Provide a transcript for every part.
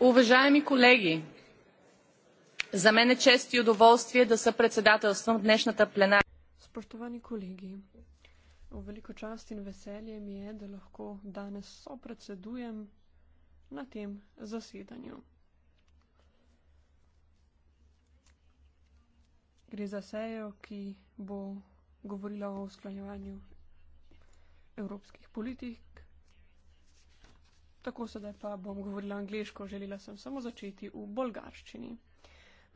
уважаеми колеги за мен е чест и удоволствие да съпредседателствам днешната пленарна Spoštovani kolegi, v veliko čast in veselje mi je, da lahko danes sopredsedujem na tem zasedanju. Gre za sejo, ki bo govorila o usklajevanju evropskih politik Tako sedaj pa bom govorila angliško, želela sem samo začeti v bolgarščini.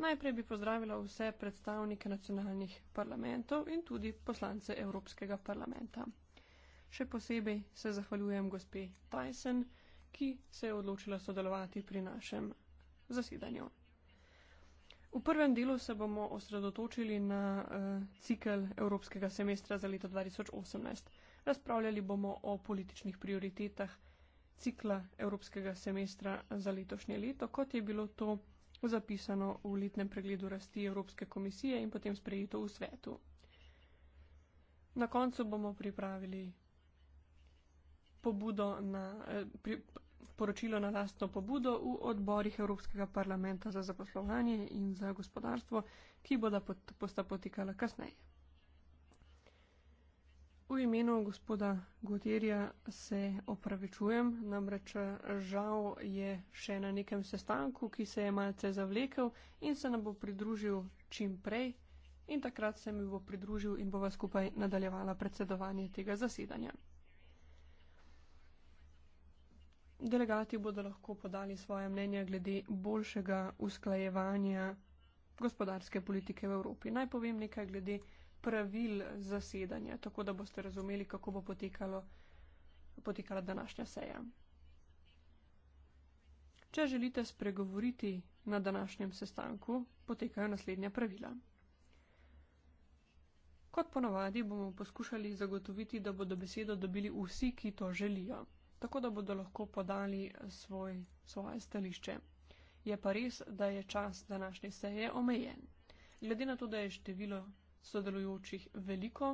Najprej bi pozdravila vse predstavnike nacionalnih parlamentov in tudi poslance Evropskega parlamenta. Še posebej se zahvaljujem gospe Tyson, ki se je odločila sodelovati pri našem zasedanju. V prvem delu se bomo osredotočili na uh, cikel Evropskega semestra za leto 2018. Razpravljali bomo o političnih prioritetah cikla evropskega semestra za letošnje leto, kot je bilo to zapisano v letnem pregledu rasti Evropske komisije in potem sprejeto v svetu. Na koncu bomo pripravili pobudo na, eh, pri, poročilo na lastno pobudo v odborih Evropskega parlamenta za zaposlovanje in za gospodarstvo, ki bodo pot, posta potekala kasneje. V imenu gospoda Gotirja se opravičujem, namreč žal je še na nekem sestanku, ki se je malce zavlekel in se nam bo pridružil čim prej in takrat se mi bo pridružil in bova skupaj nadaljevala predsedovanje tega zasedanja. Delegati bodo lahko podali svoje mnenje glede boljšega usklajevanja gospodarske politike v Evropi. Naj povem nekaj glede pravil zasedanja, tako da boste razumeli, kako bo potekalo, potekala današnja seja. Če želite spregovoriti na današnjem sestanku, potekajo naslednja pravila. Kot ponavadi bomo poskušali zagotoviti, da bodo besedo dobili vsi, ki to želijo, tako da bodo lahko podali svoj, svoje stališče. Je pa res, da je čas današnje seje omejen. Glede na to, da je število sodelujočih veliko,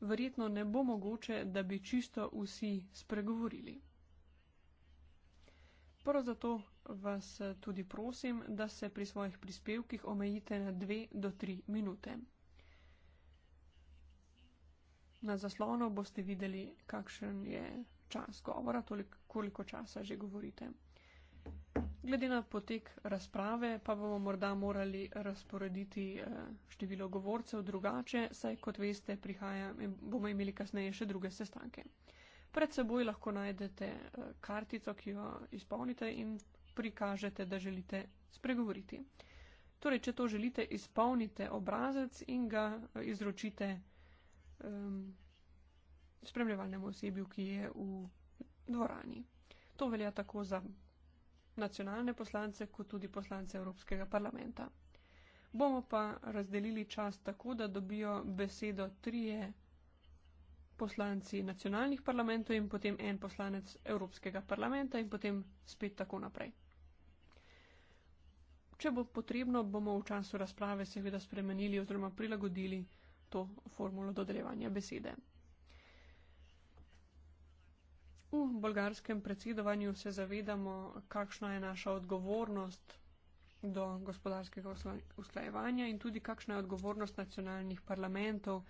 verjetno ne bo mogoče, da bi čisto vsi spregovorili. Prvo zato vas tudi prosim, da se pri svojih prispevkih omejite na dve do tri minute. Na zaslonu boste videli, kakšen je čas govora, toliko, koliko časa že govorite. Glede na potek razprave pa bomo morda morali razporediti eh, število govorcev drugače, saj kot veste, prihaja, bomo imeli kasneje še druge sestanke. Pred seboj lahko najdete eh, kartico, ki jo izpolnite in prikažete, da želite spregovoriti. Torej, če to želite, izpolnite obrazec in ga eh, izročite um, spremljevalnemu osebju, ki je v dvorani. To velja tako za nacionalne poslance kot tudi poslance Evropskega parlamenta. Bomo pa razdelili čas tako, da dobijo besedo trije poslanci nacionalnih parlamentov in potem en poslanec Evropskega parlamenta in potem spet tako naprej. Če bo potrebno, bomo v času razprave seveda spremenili oziroma prilagodili to formulo dodeljevanja besede. V bolgarskem predsedovanju se zavedamo, kakšna je naša odgovornost do gospodarskega usklajevanja in tudi kakšna je odgovornost nacionalnih parlamentov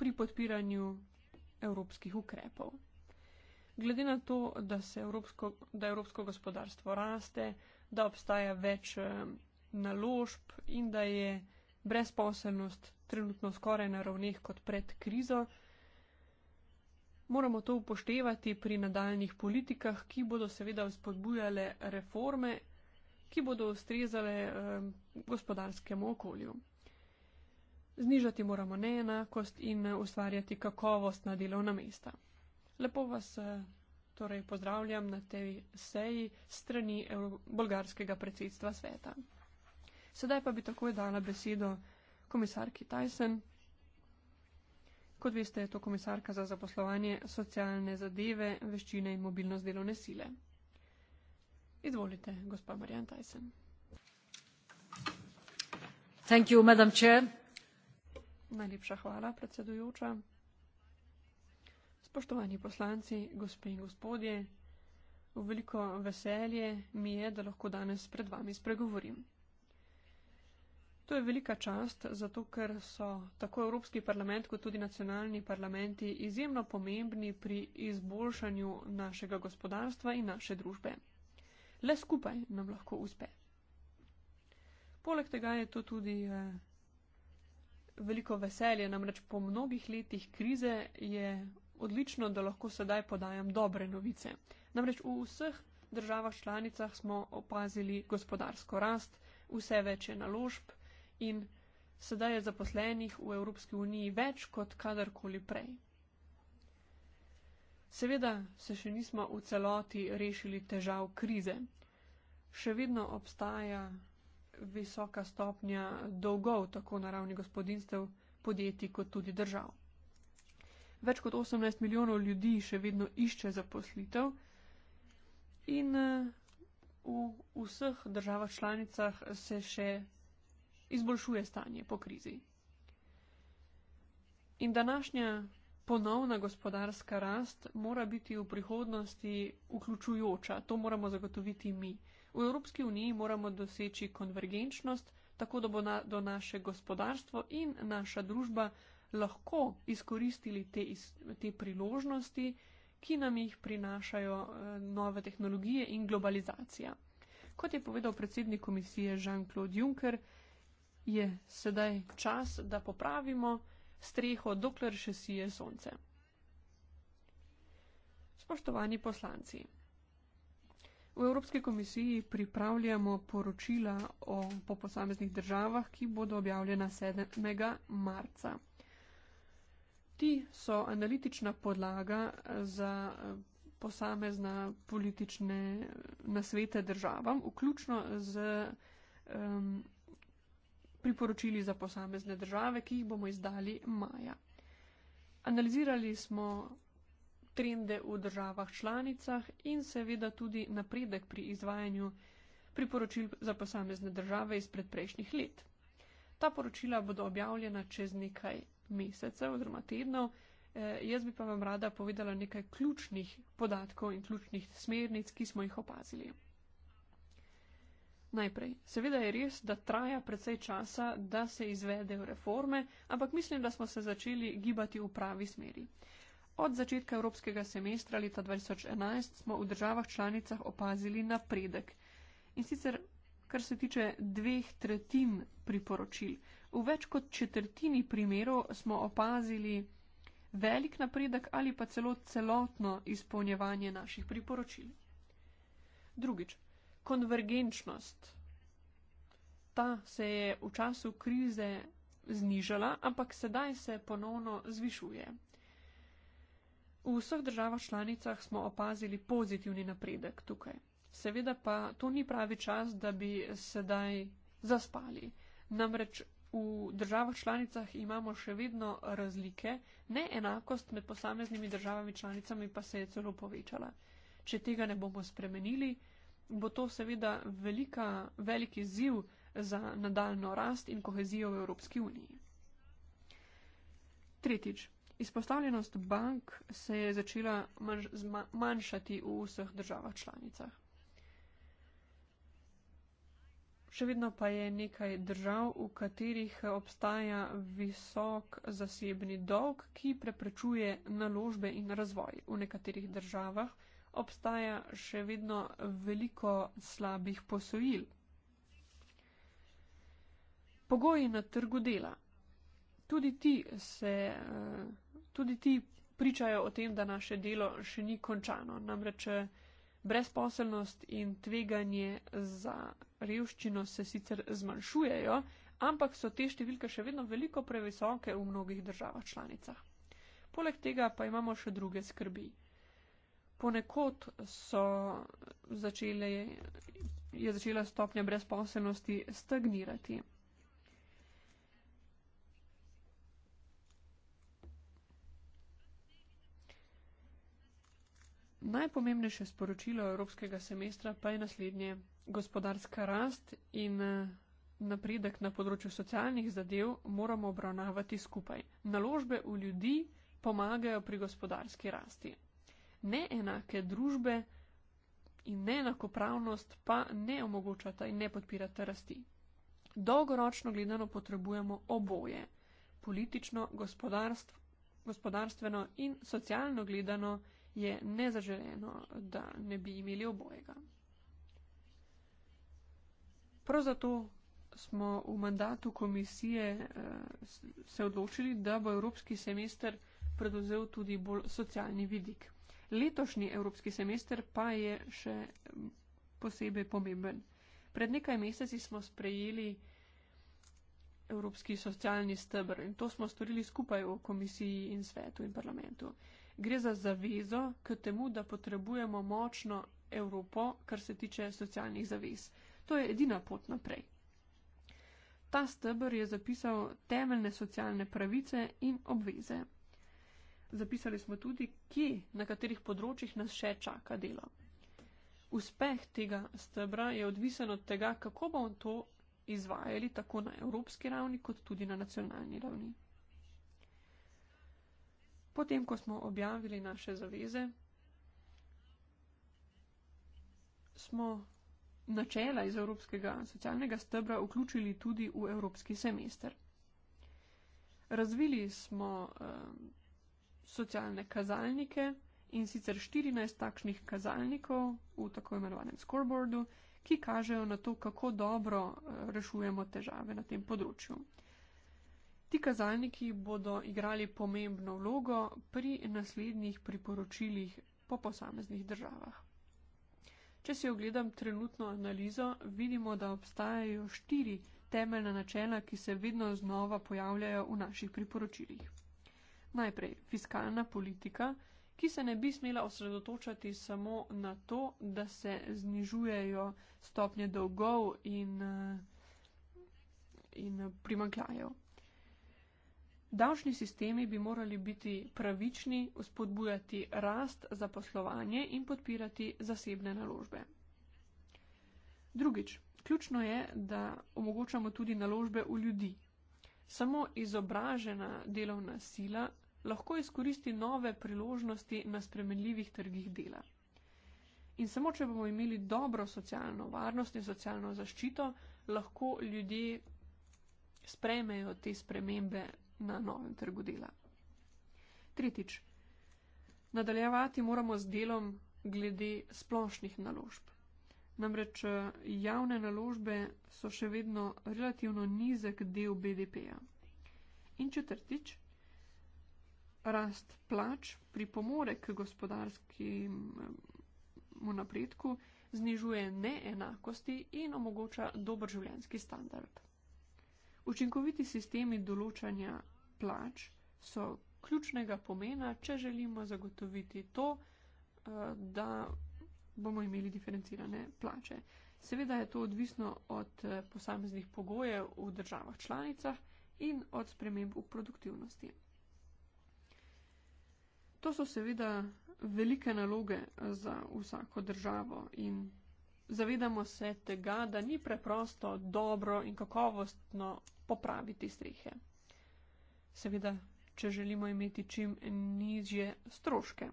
pri podpiranju evropskih ukrepov. Glede na to, da, evropsko, da evropsko gospodarstvo raste, da obstaja več eh, naložb in da je brezposelnost trenutno skoraj na ravneh kot pred krizo, moramo to upoštevati pri nadaljnih politikah, ki bodo seveda spodbujale reforme, ki bodo ustrezale eh, gospodarskemu okolju. Znižati moramo neenakost in eh, ustvarjati kakovost na delovna mesta. Lepo vas eh, torej pozdravljam na tej seji strani bolgarskega predsedstva sveta. Sedaj pa bi takoj dala besedo komisarki Tyson. Kot veste, je to komisarka za zaposlovanje socialne zadeve, veščine in mobilnost delovne sile. Izvolite, gospa Marjan Tyson. Thank you, madam chair. Najlepša hvala, predsedujoča. Spoštovani poslanci, gospe in gospodje, v veliko veselje mi je, da lahko danes pred vami spregovorim. To je velika čast, zato ker so tako Evropski parlament kot tudi nacionalni parlamenti izjemno pomembni pri izboljšanju našega gospodarstva in naše družbe. Le skupaj nam lahko uspe. Poleg tega je to tudi eh, veliko veselje, namreč po mnogih letih krize je odlično, da lahko sedaj podajam dobre novice. Namreč v vseh državah članicah smo opazili gospodarsko rast, vse več je naložb, in sedaj je zaposlenih v Evropski uniji več kot kadarkoli prej. Seveda se še nismo v celoti rešili težav krize. Še vedno obstaja visoka stopnja dolgov tako na ravni gospodinstev, podjetij kot tudi držav. Več kot 18 milijonov ljudi še vedno išče zaposlitev in eh, v vseh državah članicah se še izboljšuje stanje po krizi. In današnja ponovna gospodarska rast mora biti v prihodnosti vključujoča, to moramo zagotoviti mi. V Evropski uniji moramo doseči konvergenčnost, tako da bo na, do naše gospodarstvo in naša družba lahko izkoristili te, te priložnosti, ki nam jih prinašajo eh, nove tehnologije in globalizacija. Kot je povedal predsednik komisije Jean-Claude Juncker, je sedaj čas, da popravimo streho, dokler še sije sonce. Spoštovani poslanci, v Evropski komisiji pripravljamo poročila o, po posameznih državah, ki bodo objavljena 7. marca. Ti so analitična podlaga za posamezna politične nasvete državam, vključno z um, priporočili za posamezne države, ki jih bomo izdali maja. Analizirali smo trende v državah članicah in seveda tudi napredek pri izvajanju priporočil za posamezne države iz predprejšnjih let. Ta poročila bodo objavljena čez nekaj mesecev oziroma tednov. E, jaz bi pa vam rada povedala nekaj ključnih podatkov in ključnih smernic, ki smo jih opazili. Najprej, seveda je res, da traja precej časa, da se izvedejo reforme, ampak mislim, da smo se začeli gibati v pravi smeri. Od začetka evropskega semestra leta 2011 smo v državah članicah opazili napredek. In sicer, kar se tiče dveh tretjin priporočil, v več kot četrtini primerov smo opazili velik napredek ali pa celo celotno izpolnjevanje naših priporočil. Drugič, konvergenčnost. Ta se je v času krize znižala, ampak sedaj se ponovno zvišuje. V vseh državah članicah smo opazili pozitivni napredek tukaj. Seveda pa to ni pravi čas, da bi sedaj zaspali. Namreč v državah članicah imamo še vedno razlike, neenakost med posameznimi državami članicami pa se je celo povečala. Če tega ne bomo spremenili, bo to seveda velika, veliki ziv za nadaljno rast in kohezijo v Evropski uniji. Tretjič. Izpostavljenost bank se je začela manjšati v vseh državah članicah. Še vedno pa je nekaj držav, v katerih obstaja visok zasebni dolg, ki preprečuje naložbe in razvoj. V nekaterih državah obstaja še vedno veliko slabih posojil. Pogoji na trgu dela. Tudi ti, se, eh, tudi ti pričajo o tem, da naše delo še ni končano. Namreč eh, brezposelnost in tveganje za revščino se sicer zmanjšujejo, ampak so te številke še vedno veliko previsoke v mnogih državah članicah. Poleg tega pa imamo še druge skrbi. Ponekod so začele, je začela stopnja brezposelnosti stagnirati. Najpomembnejše sporočilo evropskega semestra pa je naslednje. Gospodarska rast in eh, napredek na področju socialnih zadev moramo obravnavati skupaj. Naložbe v ljudi pomagajo pri gospodarski rasti neenake družbe in neenakopravnost pa ne omogočata in ne podpirata rasti. Dolgoročno gledano potrebujemo oboje. Politično, gospodarstvo, gospodarstveno in socialno gledano je nezaželeno, da ne bi imeli obojega. Prav zato smo v mandatu komisije eh, se odločili, da bo evropski semester predvzel tudi bolj socialni vidik. Letošnji evropski semester pa je še posebej pomemben. Pred nekaj meseci smo sprejeli evropski socialni stebr in to smo storili skupaj v komisiji in svetu in parlamentu. Gre za zavezo k temu, da potrebujemo močno Evropo, kar se tiče socialnih zavez. To je edina pot naprej. Ta stebr je zapisal temeljne socialne pravice in obveze zapisali smo tudi, kje na katerih področjih nas še čaka delo. Uspeh tega stebra je odvisen od tega, kako bomo to izvajali tako na evropski ravni, kot tudi na nacionalni ravni. Potem, ko smo objavili naše zaveze, smo načela iz Evropskega socialnega stebra vključili tudi v Evropski semester. Razvili smo um, socialne kazalnike in sicer 14 takšnih kazalnikov v tako imenovanem scoreboardu, ki kažejo na to, kako dobro eh, rešujemo težave na tem področju. Ti kazalniki bodo igrali pomembno vlogo pri naslednjih priporočilih po posameznih državah. Če si ogledam trenutno analizo, vidimo, da obstajajo štiri temeljna načela, ki se vedno znova pojavljajo v naših priporočilih. Najprej fiskalna politika, ki se ne bi smela osredotočati samo na to, da se znižujejo stopnje dolgov in, eh, in primankljajev. Davčni sistemi bi morali biti pravični, uspodbujati rast za poslovanje in podpirati zasebne naložbe. Drugič, ključno je, da omogočamo tudi naložbe v ljudi. Samo izobražena delovna sila lahko izkoristi nove priložnosti na spremenljivih trgih dela. In samo, če bomo imeli dobro socialno varnost in socialno zaščito, lahko ljudje sprejmejo te spremembe na novem trgu dela. Tretjič. Nadaljevati moramo z delom glede splošnih naložb. Namreč eh, javne naložbe so še vedno relativno nizek del BDP-ja. In četrtič rast plač pripomore k gospodarskemu napredku, znižuje neenakosti in omogoča dober življenski standard. Učinkoviti sistemi določanja plač so ključnega pomena, če želimo zagotoviti to, eh, da bomo imeli diferencirane plače. Seveda je to odvisno od eh, posameznih pogojev v državah članicah in od sprememb v produktivnosti. To so seveda velike naloge za vsako državo in zavedamo se tega, da ni preprosto dobro in kakovostno popraviti strehe. Seveda, če želimo imeti čim nižje stroške.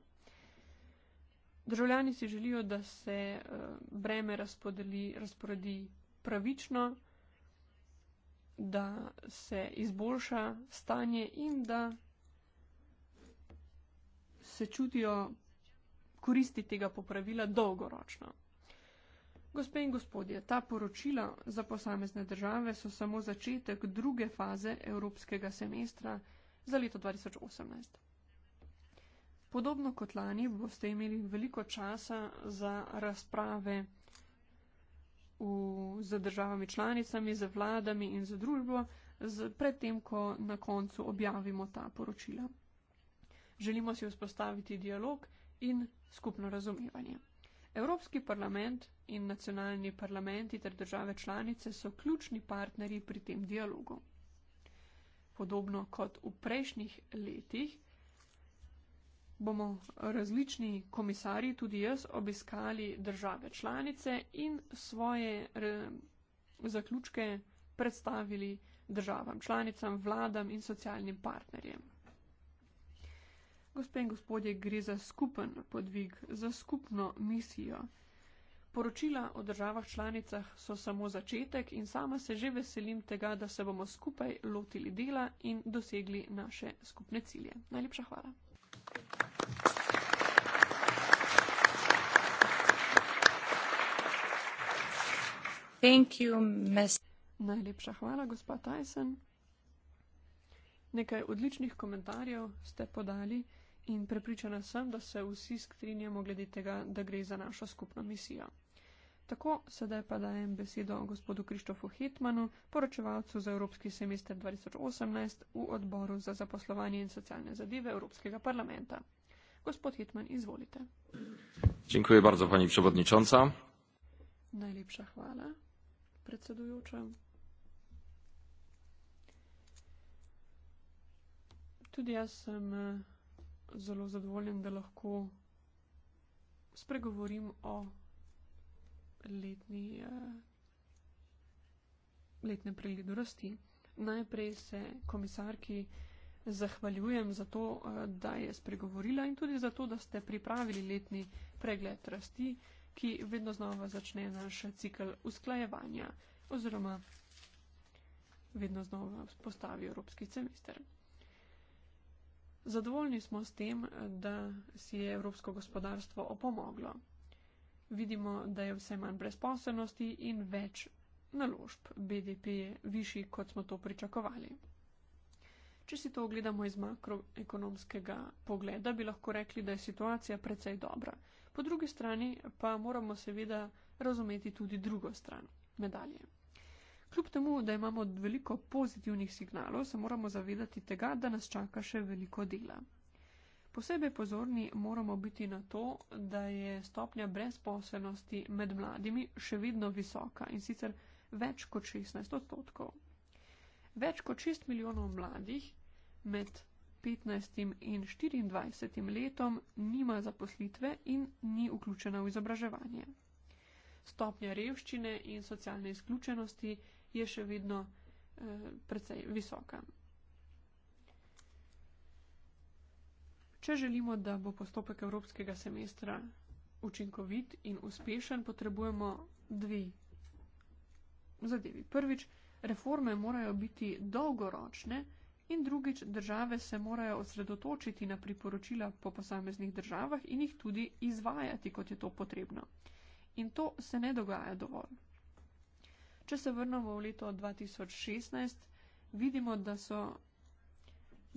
Državljani si želijo, da se eh, breme razporedi pravično, da se izboljša stanje in da se čutijo koristi tega popravila dolgoročno. Gospe in gospodje, ta poročila za posamezne države so samo začetek druge faze evropskega semestra za leto 2018. Podobno kot lani boste imeli veliko časa za razprave v, z državami članicami, z vladami in z družbo, z, predtem, ko na koncu objavimo ta poročila. Želimo si vzpostaviti dialog in skupno razumevanje. Evropski parlament in nacionalni parlamenti ter države članice so ključni partnerji pri tem dialogu. Podobno kot v prejšnjih letih bomo različni komisarji, tudi jaz, obiskali države članice in svoje zaključke predstavili državam članicam, vladam in socialnim partnerjem. Gospe in gospodje, gre za skupen podvig, za skupno misijo. Poročila o državah članicah so samo začetek in sama se že veselim tega, da se bomo skupaj lotili dela in dosegli naše skupne cilje. Najlepša hvala. You, Najlepša hvala, gospa Tyson. Nekaj odličnih komentarjev ste podali in prepričana sem, da se vsi strinjamo glede tega, da gre za našo skupno misijo. Tako, sedaj pa dajem besedo gospodu Krištofu Hitmanu, poročevalcu za Evropski semester 2018 v odboru za zaposlovanje in socialne zadeve Evropskega parlamenta. Gospod Hitman, izvolite. Dziękuję bardzo, pani przewodnicząca. Najlepša hvala, predsedujoča. Tudi jaz sem zelo zadovoljen, da lahko spregovorim o letni, eh, letnem pregledu rasti. Najprej se komisarki zahvaljujem za to, eh, da je spregovorila in tudi za to, da ste pripravili letni pregled rasti, ki vedno znova začne naš cikl usklajevanja oziroma vedno znova postavi evropski semester. Zadovoljni smo s tem, da si je evropsko gospodarstvo opomoglo. Vidimo, da je vse manj brezposobnosti in več naložb. BDP je višji, kot smo to pričakovali. Če si to ogledamo iz makroekonomskega pogleda, bi lahko rekli, da je situacija precej dobra. Po drugi strani pa moramo seveda razumeti tudi drugo stran medalje. Kljub temu, da imamo veliko pozitivnih signalov, se moramo zavedati tega, da nas čaka še veliko dela. Posebej pozorni moramo biti na to, da je stopnja brezposelnosti med mladimi še vedno visoka in sicer več kot 16 odstotkov. Več kot 6 milijonov mladih med 15 in 24 letom nima zaposlitve in ni vključena v izobraževanje. Stopnja revščine in socialne izključenosti je še vedno eh, precej visoka. Če želimo, da bo postopek evropskega semestra učinkovit in uspešen, potrebujemo dve zadevi. Prvič, reforme morajo biti dolgoročne in drugič, države se morajo osredotočiti na priporočila po posameznih državah in jih tudi izvajati, kot je to potrebno. In to se ne dogaja dovolj. Če se vrnemo v leto 2016, vidimo, da so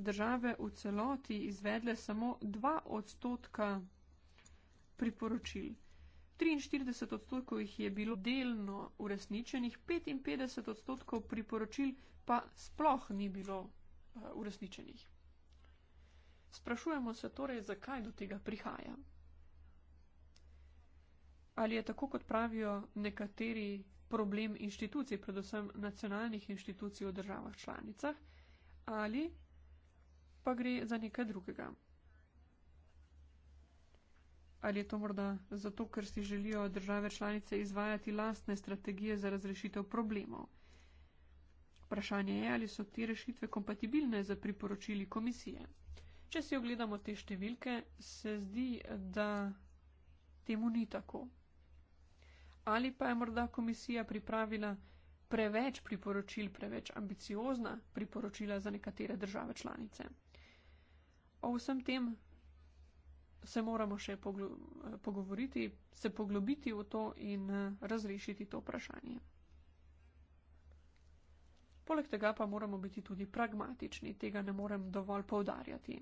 države v celoti izvedle samo 2 odstotka priporočil. 43 odstotkov jih je bilo delno uresničenih, 55 odstotkov priporočil pa sploh ni bilo eh, uresničenih. Sprašujemo se torej, zakaj do tega prihaja. Ali je tako, kot pravijo nekateri problem inštitucij, predvsem nacionalnih inštitucij v državah članicah, ali pa gre za nekaj drugega. Ali je to morda zato, ker si želijo države članice izvajati lastne strategije za razrešitev problemov? Vprašanje je, ali so te rešitve kompatibilne za priporočili komisije. Če si ogledamo te številke, se zdi, da temu ni tako ali pa je morda komisija pripravila preveč priporočil, preveč ambiciozna priporočila za nekatere države članice. O vsem tem se moramo še pogovoriti, se poglobiti v to in razrešiti to vprašanje. Poleg tega pa moramo biti tudi pragmatični, tega ne morem dovolj povdarjati.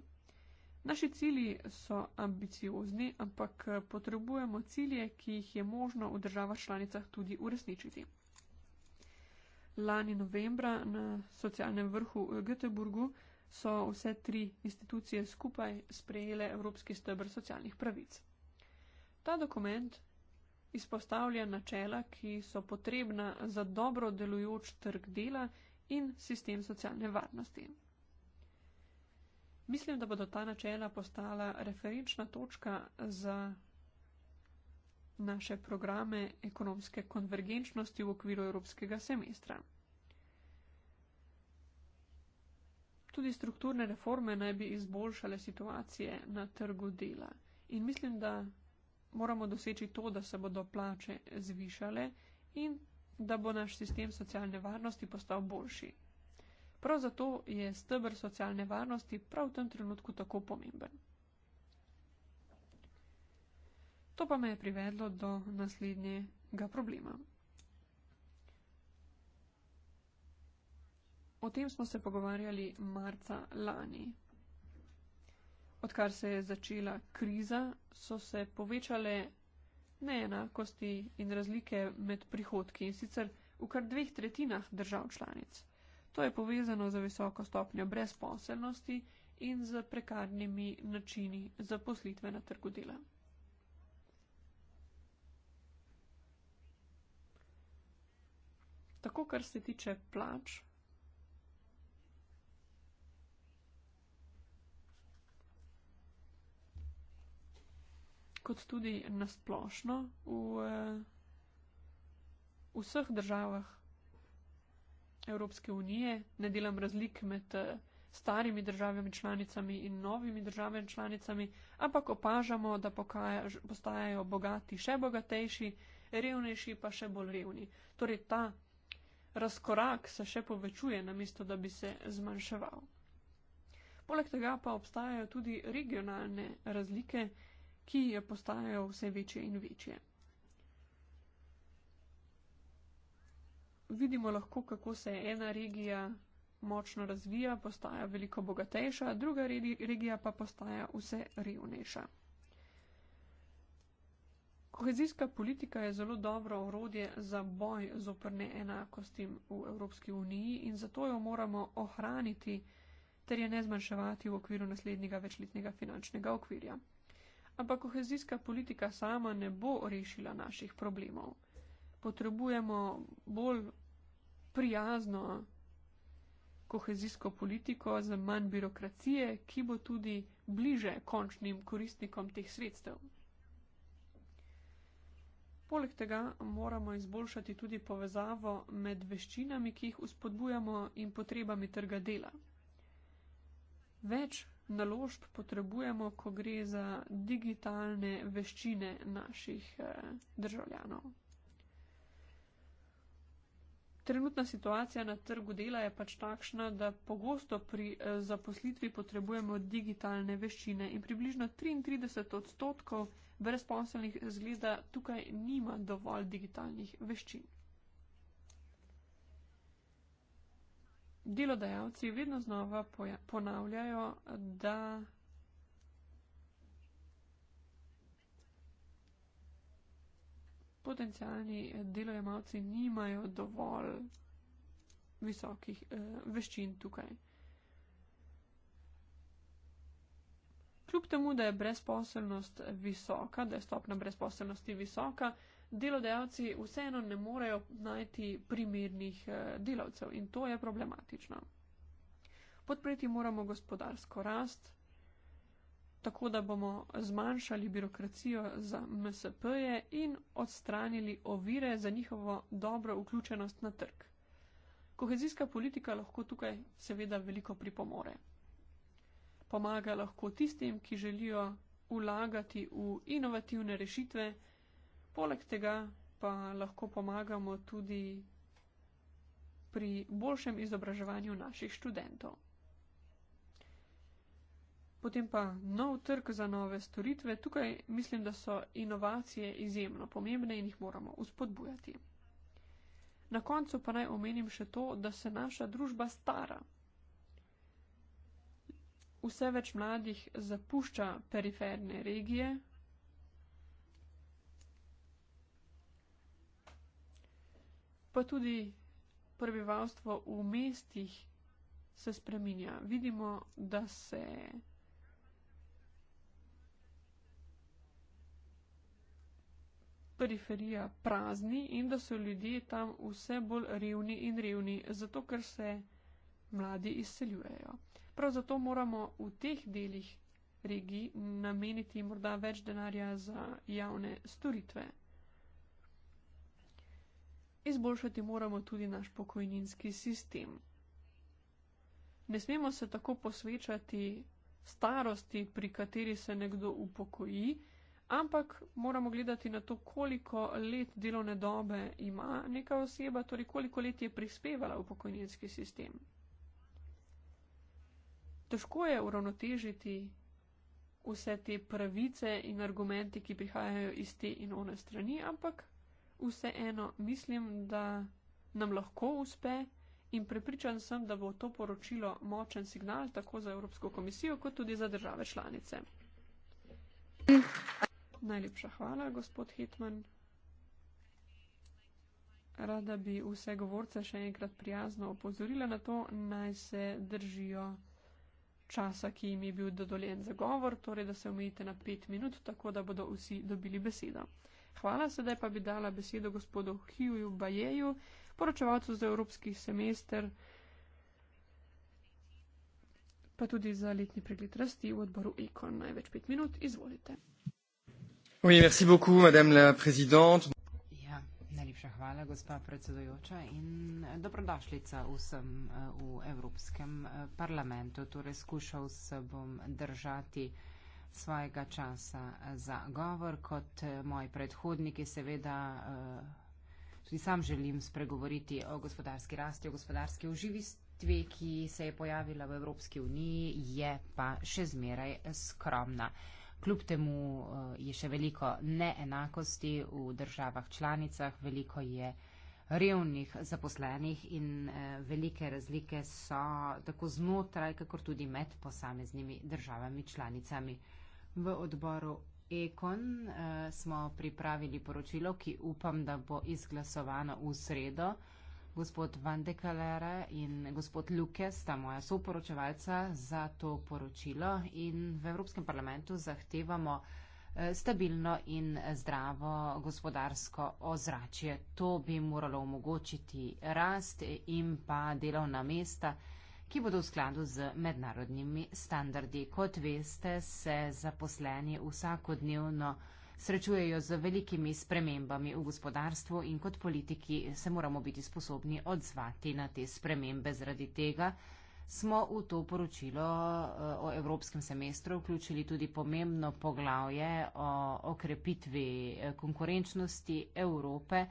Naši cilji so ambiciozni, ampak eh, potrebujemo cilje, ki jih je možno v državah članicah tudi uresničiti. Lani novembra na socialnem vrhu v eh, Göteborgu so vse tri institucije skupaj sprejele Evropski stebr socialnih pravic. Ta dokument izpostavlja načela, ki so potrebna za dobro delujoč trg dela in sistem socialne varnosti. Mislim, da bodo ta načela postala referenčna točka za naše programe ekonomske konvergenčnosti v okviru evropskega semestra. Tudi strukturne reforme naj bi izboljšale situacije na trgu dela. In mislim, da moramo doseči to, da se bodo plače zvišale in da bo naš sistem socialne varnosti postal boljši. Prav zato je stebr socialne varnosti prav v tem trenutku tako pomemben. To pa me je privedlo do naslednjega problema. O tem smo se pogovarjali marca lani. Odkar se je začela kriza, so se povečale neenakosti in razlike med prihodki in sicer v kar dveh tretjinah držav članic. To je povezano z visoko stopnjo brezposelnosti in z prekarnimi načini zaposlitve na trgu dela. Tako, kar se tiče plač, kot tudi nasplošno v, v eh, vseh državah Evropske unije, ne delam razlik med eh, starimi državami članicami in novimi državami članicami, ampak opažamo, da postajajo bogati še bogatejši, revnejši pa še bolj revni. Torej ta razkorak se še povečuje, namesto da bi se zmanjševal. Poleg tega pa obstajajo tudi regionalne razlike, ki postajajo vse večje in večje. vidimo lahko, kako se ena regija močno razvija, postaja veliko bogatejša, druga regija pa postaja vse revnejša. Kohezijska politika je zelo dobro orodje za boj z oprne enakosti v Evropski uniji in zato jo moramo ohraniti ter je ne zmanjševati v okviru naslednjega večletnega finančnega okvirja. Ampak kohezijska politika sama ne bo rešila naših problemov. Potrebujemo bolj prijazno kohezijsko politiko z manj birokracije, ki bo tudi bliže končnim koristnikom teh sredstev. Poleg tega moramo izboljšati tudi povezavo med veščinami, ki jih uspodbujamo in potrebami trga dela. Več naložb potrebujemo, ko gre za digitalne veščine naših eh, državljanov. Trenutna situacija na trgu dela je pač takšna, da pogosto pri eh, zaposlitvi potrebujemo digitalne veščine in približno 33 odstotkov brezposelnih zgleda tukaj nima dovolj digitalnih veščin. Delodajalci vedno znova ponavljajo, da potencijalni delojemalci nimajo dovolj visokih eh, veščin tukaj. Kljub temu, da je brezposelnost visoka, da je stopna brezposelnosti visoka, delodajalci vseeno ne morejo najti primernih eh, delavcev in to je problematično. Podpreti moramo gospodarsko rast, tako da bomo zmanjšali birokracijo za MSP-je in odstranili ovire za njihovo dobro vključenost na trg. Kohezijska politika lahko tukaj seveda veliko pripomore. Pomaga lahko tistim, ki želijo vlagati v inovativne rešitve, poleg tega pa lahko pomagamo tudi pri boljšem izobraževanju naših študentov. Potem pa nov trg za nove storitve. Tukaj mislim, da so inovacije izjemno pomembne in jih moramo uspodbujati. Na koncu pa naj omenim še to, da se naša družba stara. Vse več mladih zapušča periferne regije. Pa tudi prebivalstvo v mestih se spreminja. Vidimo, da se. periferija prazni in da so ljudje tam vse bolj revni in revni, zato ker se mladi izseljujejo. Prav zato moramo v teh delih regiji nameniti morda več denarja za javne storitve. Izboljšati moramo tudi naš pokojninski sistem. Ne smemo se tako posvečati starosti, pri kateri se nekdo upokoji, Ampak moramo gledati na to, koliko let delovne dobe ima neka oseba, torej koliko let je prispevala v pokojninski sistem. Težko je uravnotežiti vse te pravice in argumente, ki prihajajo iz te in one strani, ampak vseeno mislim, da nam lahko uspe in prepričan sem, da bo to poročilo močen signal tako za Evropsko komisijo, kot tudi za države članice. Mm. Najlepša hvala, gospod Hetman. Rada bi vse govorce še enkrat prijazno opozorila na to, naj se držijo časa, ki jim je bil dodoljen za govor, torej da se omejite na pet minut, tako da bodo vsi dobili besedo. Hvala, sedaj pa bi dala besedo gospodu Hiju Bajeju, poročevalcu za evropski semester, pa tudi za letni pregled rasti v odboru Ekon. Največ pet minut, izvolite. Ja, najlepša hvala, gospa predsedujoča, in eh, dobrodošlica vsem eh, v Evropskem eh, parlamentu. Torej, skušal se bom držati svojega časa za govor, kot moji predhodniki seveda. Tudi sam želim spregovoriti o gospodarski rasti, o gospodarski uživistvi, ki se je pojavila v Evropski uniji, je pa še zmeraj skromna. Kljub temu eh, je še veliko neenakosti v državah članicah, veliko je revnih zaposlenih in eh, velike razlike so tako znotraj, kakor tudi med posameznimi državami članicami. V odboru Ekon eh, smo pripravili poročilo, ki upam, da bo izglasovano v sredo gospod Van de Kalera in gospod Luke sta moja soporočevalca za to poročilo in v Evropskem parlamentu zahtevamo eh, stabilno in zdravo gospodarsko ozračje. To bi moralo omogočiti rast in pa delovna mesta, ki bodo v skladu z mednarodnimi standardi. Kot veste, se zaposleni vsakodnevno srečujejo z velikimi spremembami v gospodarstvu in kot politiki se moramo biti sposobni odzvati na te spremembe. Zradi tega smo v to poročilo eh, o evropskem semestru vključili tudi pomembno poglavje o okrepitvi eh, konkurenčnosti Evrope eh,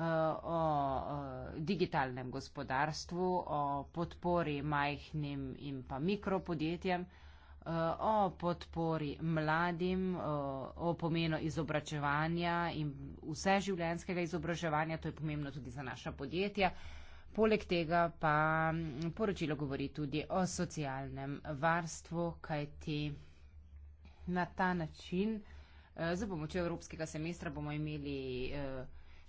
o digitalnem gospodarstvu, o podpori majhnim in pa mikropodjetjem. Eh, o podpori mladim, eh, o pomenu izobraževanja in vse življenskega izobraževanja, to je pomembno tudi za naša podjetja. Poleg tega pa mm, poročilo govori tudi o socialnem varstvu, kajti na ta način, eh, za pomočjo evropskega semestra bomo imeli eh,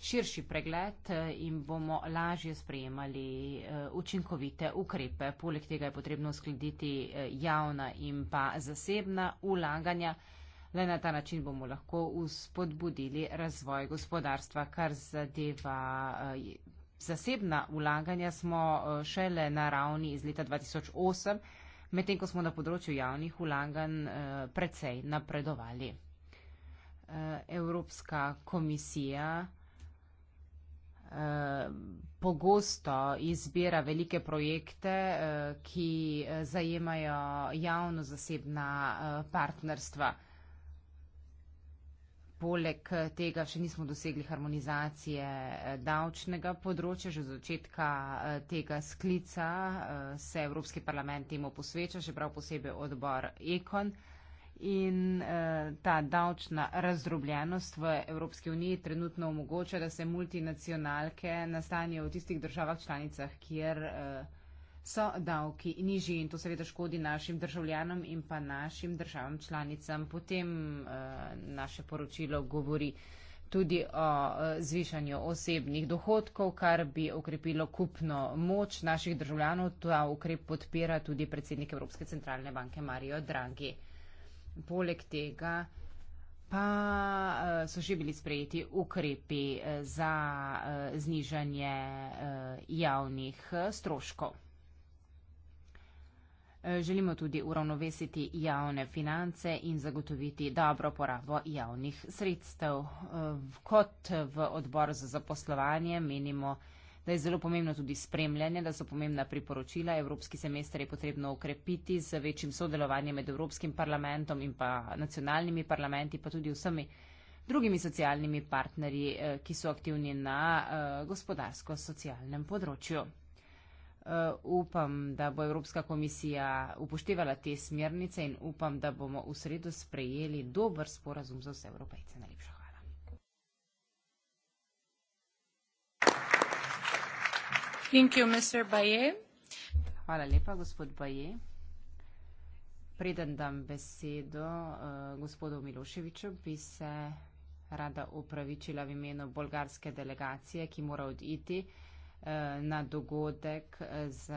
širši pregled eh, in bomo lažje sprejemali eh, učinkovite ukrepe. Poleg tega je potrebno uskladiti eh, javna in pa zasebna ulaganja. Le na ta način bomo lahko uspodbudili razvoj gospodarstva, kar zadeva zasebna ulaganja, smo šele na ravni iz leta 2008, medtem ko smo na področju javnih ulaganj precej napredovali. Evropska komisija Eh, pogosto izbira velike projekte, eh, ki zajemajo javno-zasebna eh, partnerstva. Poleg tega še nismo dosegli harmonizacije davčnega področja. Že od začetka tega sklica se Evropski parlament temu posveča, še prav posebej odbor Ekon in uh, ta davčna razdrobljenost v Evropski uniji trenutno omogoča, da se multinacionalke nastanijo v tistih državah članicah, kjer uh, so davki nižji in to seveda škodi našim državljanom in pa našim državam članicam. Potem uh, naše poročilo govori tudi o zvišanju osebnih dohodkov, kar bi okrepilo kupno moč naših državljanov. Ta ukrep podpira tudi predsednik Evropske centralne banke Mario Draghi. Poleg tega pa eh, so že bili sprejeti ukrepi eh, za eh, znižanje javnih stroškov. Želimo tudi uravnovesiti javne finance in zagotoviti dobro porabo javnih sredstev. Kot v odboru za zaposlovanje menimo, da da je zelo pomembno tudi spremljanje, da so pomembna priporočila. Evropski semester je potrebno ukrepiti z večjim sodelovanjem med Evropskim parlamentom in pa nacionalnimi parlamenti, pa tudi vsemi drugimi socialnimi partnerji, eh, ki so aktivni na eh, gospodarsko-socialnem področju. Eh, upam, da bo Evropska komisija upoštevala te smernice in upam, da bomo v sredo sprejeli dober sporazum za vse evropejce. Najlepša. Hvala lepa, gospod Baje. Preden dam besedo eh, gospodu Miloševiču, bi se rada upravičila v imenu bolgarske delegacije, ki mora oditi eh, na dogodek eh, z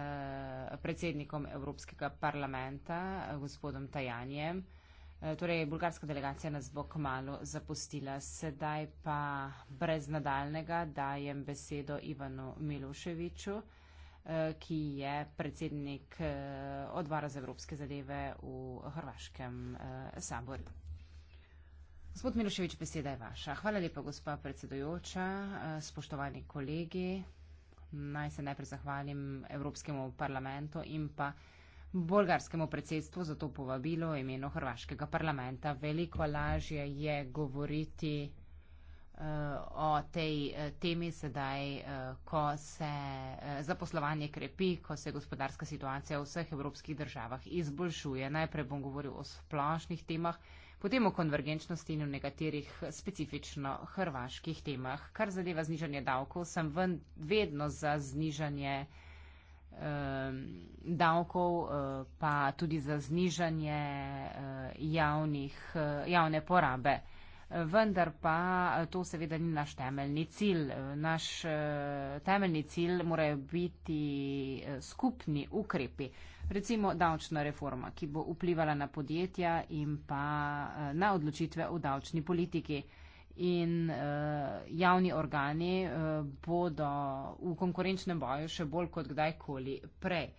predsednikom Evropskega parlamenta, gospodom Tajanjem. Eh, torej, bulgarska delegacija nas bo kmalo zapustila. Sedaj pa brez nadaljnega dajem besedo Ivanu Miloševiču, eh, ki je predsednik eh, odvara za evropske zadeve v Hrvaškem saboru. Gospod Miloševič, beseda je vaša. Hvala lepa, gospa predsedujoča, spoštovani kolegi. Naj se najprej zahvalim Evropskemu parlamentu in pa. Bolgarskemu predsedstvu za to povabilo v imenu Hrvaškega parlamenta veliko lažje je govoriti uh, o tej uh, temi sedaj, uh, ko se uh, zaposlovanje krepi, ko se gospodarska situacija v vseh evropskih državah izboljšuje. Najprej bom govoril o splošnih temah, potem o konvergenčnosti in o nekaterih specifično hrvaških temah. Kar zadeva znižanje davkov, sem vedno za znižanje davkov davkov, eh, pa tudi za znižanje eh, javnih, eh, javne porabe. Vendar pa to seveda ni naš temeljni cilj. Naš temeljni cilj morajo biti skupni ukrepi, recimo davčna reforma, ki bo vplivala na podjetja in pa na odločitve v davčni politiki in uh, javni organi uh, bodo v konkurenčnem boju še bolj kot kdajkoli prej.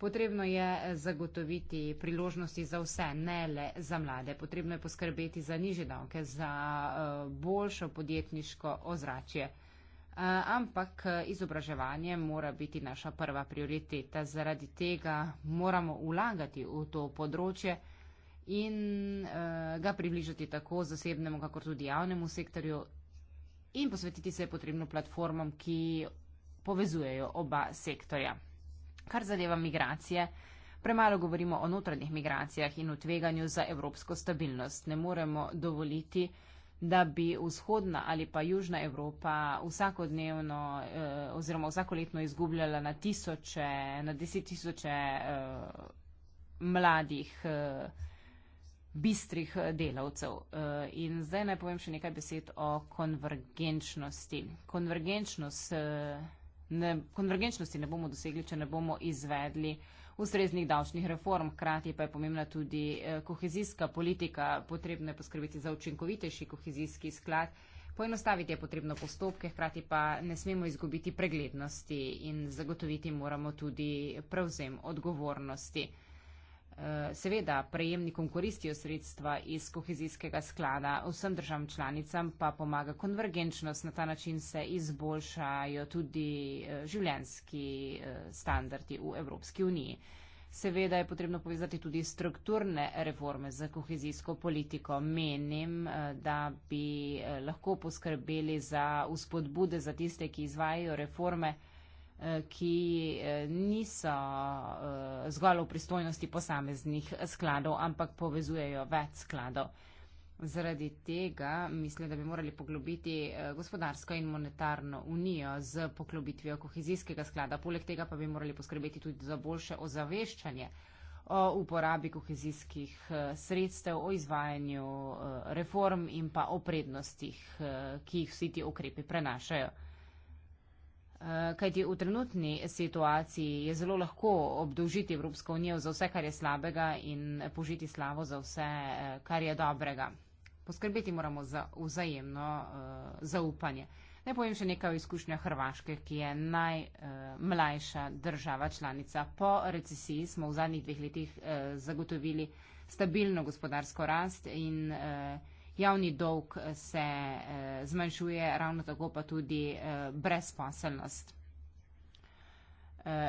Potrebno je eh, zagotoviti priložnosti za vse, ne le za mlade. Potrebno je poskrbeti za niže davke, za boljšo podjetniško ozračje. Ampak izobraževanje mora biti naša prva prioriteta. Zaradi tega moramo vlagati v to področje in uh, ga približati tako zasebnemu, kakor tudi javnemu sektorju. In posvetiti se je potrebno platformam, ki povezujejo oba sektorja. Kar zadeva migracije, premalo govorimo o notranjih migracijah in o tveganju za evropsko stabilnost. Ne moremo dovoliti, da bi vzhodna ali pa južna Evropa vsakodnevno eh, oziroma vsakoletno izgubljala na tisoče, na desetisoče eh, mladih. Eh, bistrih eh, delavcev. Eh, in zdaj naj povem še nekaj besed o konvergenčnosti. Konvergenčnost, eh, ne, konvergenčnosti ne bomo dosegli, če ne bomo izvedli ustreznih davčnih reform, krati pa je pomembna tudi kohezijska politika, potrebno je poskrbeti za učinkovitejši kohezijski sklad. Poenostaviti je potrebno postopke, hkrati pa ne smemo izgubiti preglednosti in zagotoviti moramo tudi prevzem odgovornosti. Eh, seveda prejemnikom koristijo sredstva iz kohezijskega sklada, vsem državam članicam pa pomaga konvergenčnost, na ta način se izboljšajo tudi eh, življenski eh, standardi v Evropski uniji. Seveda je potrebno povezati tudi strukturne reforme za kohezijsko politiko. Menim, da bi lahko poskrbeli za vzpodbude za tiste, ki izvajajo reforme, Eh, ki eh, niso eh, zgolj v pristojnosti posameznih skladov, ampak povezujejo več skladov. Zaradi tega mislim, da bi morali poglobiti gospodarsko in monetarno unijo z poglobitvijo kohezijskega sklada. Poleg tega pa bi morali poskrbeti tudi za boljše ozaveščanje o uporabi kohezijskih sredstev, o izvajanju reform in pa o prednostih, ki jih vsi ti ukrepi prenašajo. Eh, kajti v trenutni situaciji je zelo lahko obdolžiti Evropsko unijo za vse, kar je slabega in požiti slavo za vse, eh, kar je dobrega. Poskrbeti moramo za vzajemno eh, zaupanje. Ne povem še nekaj o izkušnjah Hrvaške, ki je najmlajša država članica. Po recesiji smo v zadnjih dveh letih zagotovili stabilno gospodarsko rast in javni dolg eh, se eh, zmanjšuje, ravno tako pa tudi eh, brezposelnost.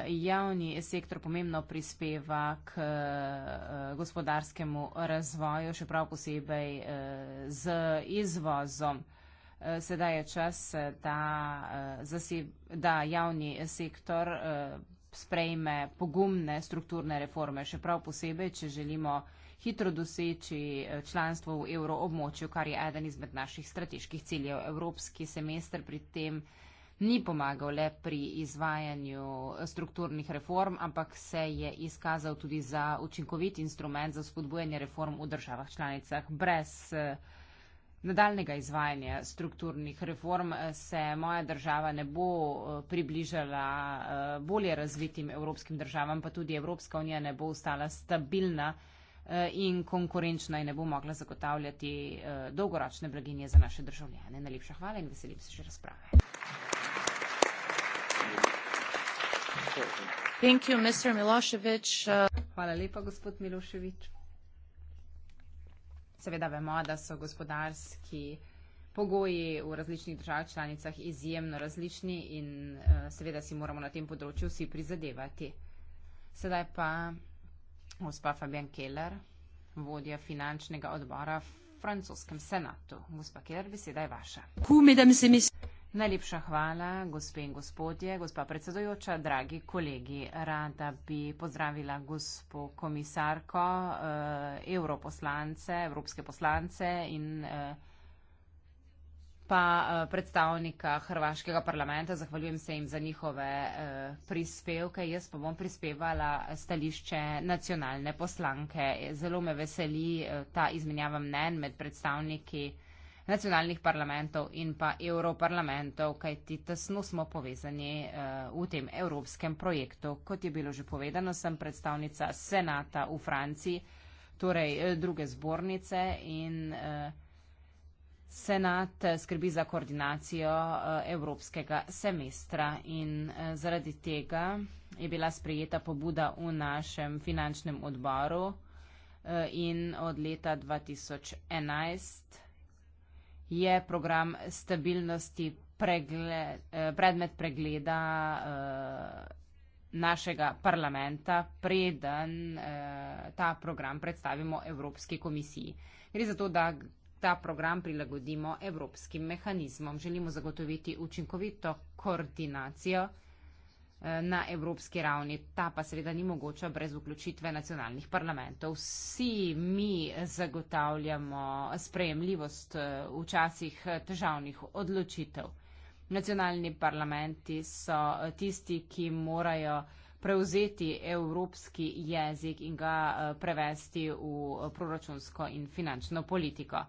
Javni sektor pomembno prispeva k gospodarskemu razvoju, še prav posebej z izvozom. Sedaj je čas, da, da javni sektor sprejme pogumne strukturne reforme, še prav posebej, če želimo hitro doseči eh, članstvo v evroobmočju, kar je eden izmed naših strateških ciljev. Evropski semester pri tem ni pomagal le pri izvajanju eh, strukturnih reform, ampak se je izkazal tudi za učinkovit instrument za spodbujanje reform v državah članicah. Brez eh, nadaljnega izvajanja strukturnih reform se moja država ne bo približala bolje razvitim evropskim državam, pa tudi Evropska unija ne bo ostala stabilna E, in konkurenčna in ne bo mogla zagotavljati e, dolgoročne blaginje za naše državljane. Najlepša hvala in veselim se še razprave. Thank you, Mr. Milošević. E, hvala lepa, gospod Milošević. Seveda vemo, da so gospodarski pogoji v različnih državah članicah izjemno različni in seveda si moramo na tem področju vsi prizadevati. Sedaj pa gospa Fabian Keller, vodja finančnega odbora v francoskem senatu. Gospa Keller, beseda je vaša. Najlepša hvala, gospe in gospodje, gospa predsedojoča, dragi kolegi. Rada bi pozdravila gospo komisarko, evroposlance, eh, evropske poslance in. Eh, pa eh, predstavnika Hrvaškega parlamenta. Zahvaljujem se jim za njihove eh, prispevke. Jaz pa bom prispevala stališče nacionalne poslanke. Zelo me veseli eh, ta izmenjava mnen med predstavniki nacionalnih parlamentov in pa europarlamentov, kajti tesno smo povezani v tem evropskem projektu. Kot je bilo že povedano, sem predstavnica senata v Franciji, torej druge zbornice in senat eh, skrbi za koordinacijo eh, evropskega semestra in eh, zaradi tega je bila sprejeta pobuda v našem finančnem odboru in od leta 2011 je program stabilnosti pregled, predmet pregleda našega parlamenta, preden eh, ta program predstavimo Evropski komisiji. Gre za to, da ta program prilagodimo evropskim mehanizmom. Želimo zagotoviti učinkovito koordinacijo eh, na evropski ravni. Ta pa seveda ni mogoča brez vključitve nacionalnih parlamentov. Vsi mi zagotavljamo sprejemljivost eh, včasih eh, težavnih odločitev. Nacionalni parlamenti so tisti, ki morajo prevzeti evropski jezik in ga prevesti v proračunsko in finančno politiko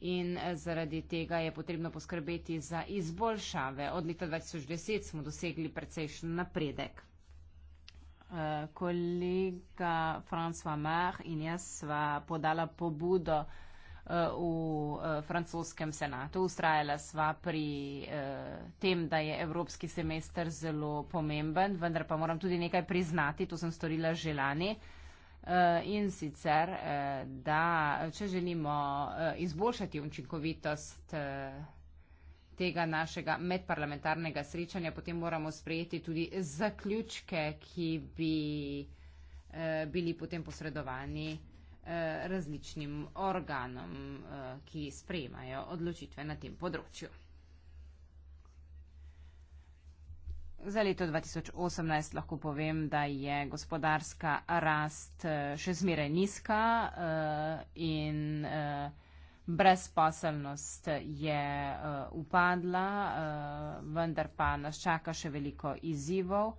in eh, zaradi tega je potrebno poskrbeti za izboljšave. Od leta 2010 smo dosegli precejšen napredek. Eh, kolega François Mar in jaz sva podala pobudo eh, v francoskem senatu. Ustrajala sva pri tem, da je evropski semester zelo pomemben, vendar pa moram tudi nekaj priznati, to sem storila že lani. Eh, in sicer, eh, da če želimo eh, izboljšati učinkovitost tega našega medparlamentarnega srečanja, potem moramo sprejeti tudi zaključke, ki bi bili potem posredovani različnim organom, ki sprejemajo odločitve na tem področju. Za leto 2018 lahko povem, da je gospodarska rast eh, še zmeraj nizka eh, in eh, brezposelnost je upadla, vendar pa nas čaka še veliko izzivov.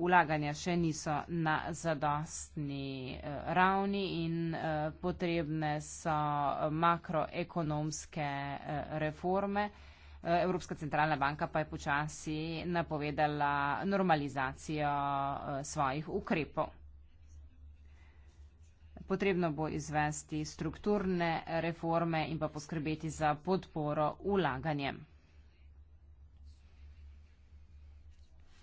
Ulaganja še niso na zadostni ravni in potrebne so makroekonomske reforme. Evropska centralna banka pa je počasi napovedala normalizacijo eh, svojih ukrepov. Potrebno bo izvesti strukturne reforme in pa poskrbeti za podporo ulaganjem.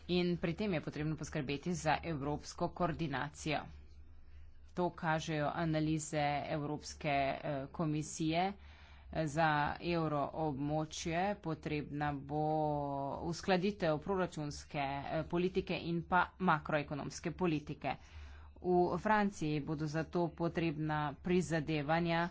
In pri tem je potrebno poskrbeti za evropsko koordinacijo. To kažejo analize Evropske eh, komisije za evro območje potrebna bo uskladitev proračunske eh, politike in pa makroekonomske politike. V Franciji bodo zato potrebna prizadevanja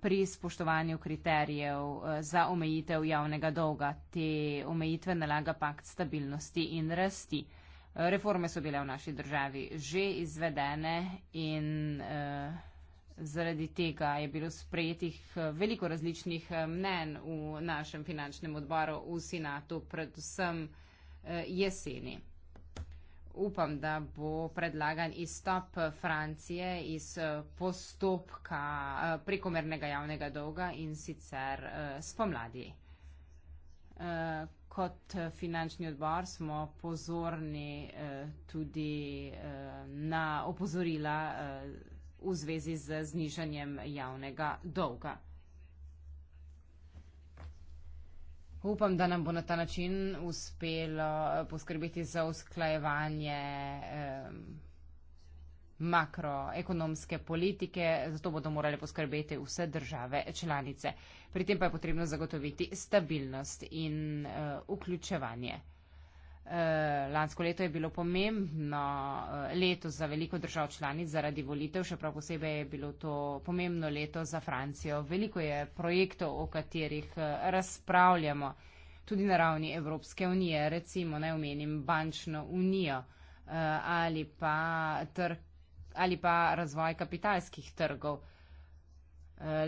pri spoštovanju kriterijev eh, za omejitev javnega dolga. Te omejitve nalaga pakt stabilnosti in rasti. Eh, reforme so bile v naši državi že izvedene in. Uh, Zaradi tega je bilo sprejetih eh, veliko različnih eh, mnen v našem finančnem odboru v Sinatu, predvsem eh, jeseni. Upam, da bo predlagan izstop Francije iz postopka prekomernega javnega dolga in sicer spomladi. Kot finančni odbor smo pozorni tudi na opozorila v zvezi z znižanjem javnega dolga. Upam, da nam bo na ta način uspelo eh, poskrbeti za usklajevanje um, makroekonomske politike, zato bodo morali poskrbeti vse države članice. Pri tem pa je potrebno zagotoviti stabilnost in uh, vključevanje. Eh, lansko leto je bilo pomembno eh, leto za veliko držav članic zaradi volitev, še prav posebej je bilo to pomembno leto za Francijo. Veliko je projektov, o katerih eh, razpravljamo tudi na ravni Evropske unije, recimo naj omenim bančno unijo ali pa, trg, ali pa razvoj kapitalskih trgov.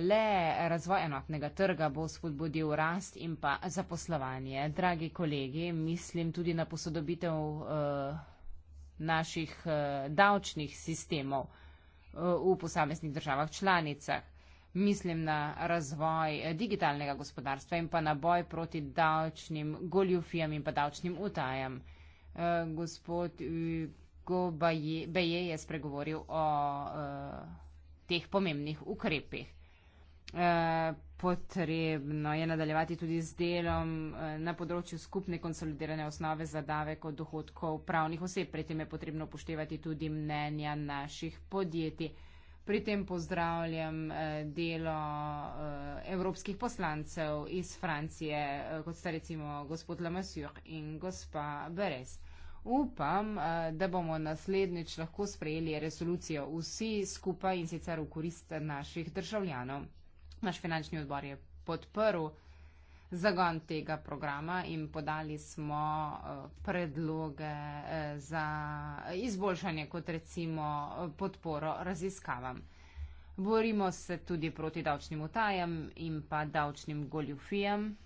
Le razvoj enotnega trga bo spodbudil rast in pa zaposlovanje. Dragi kolegi, mislim tudi na posodobitev eh, naših eh, davčnih sistemov eh, v posameznih državah članicah. Mislim na razvoj digitalnega gospodarstva in pa na boj proti davčnim goljufijam in pa davčnim utajam. Gospod Hugo Beje je spregovoril o teh pomembnih ukrepih potrebno je nadaljevati tudi z delom eh, na področju skupne konsolidirane osnove za davek od dohodkov pravnih oseb. Pri tem je potrebno upoštevati tudi mnenja naših podjetij. Pri tem pozdravljam eh, delo eh, evropskih poslancev iz Francije, kot sta recimo gospod Lamassur in gospa Beres. Upam, da bomo naslednjič lahko sprejeli resolucijo vsi skupaj in sicer v korist naših državljanov. Naš finančni odbor je podprl zagon tega programa in podali smo eh, predloge eh, za izboljšanje, kot recimo eh, podporo raziskavam. Borimo se tudi proti davčnim utajam in pa davčnim goljufijam.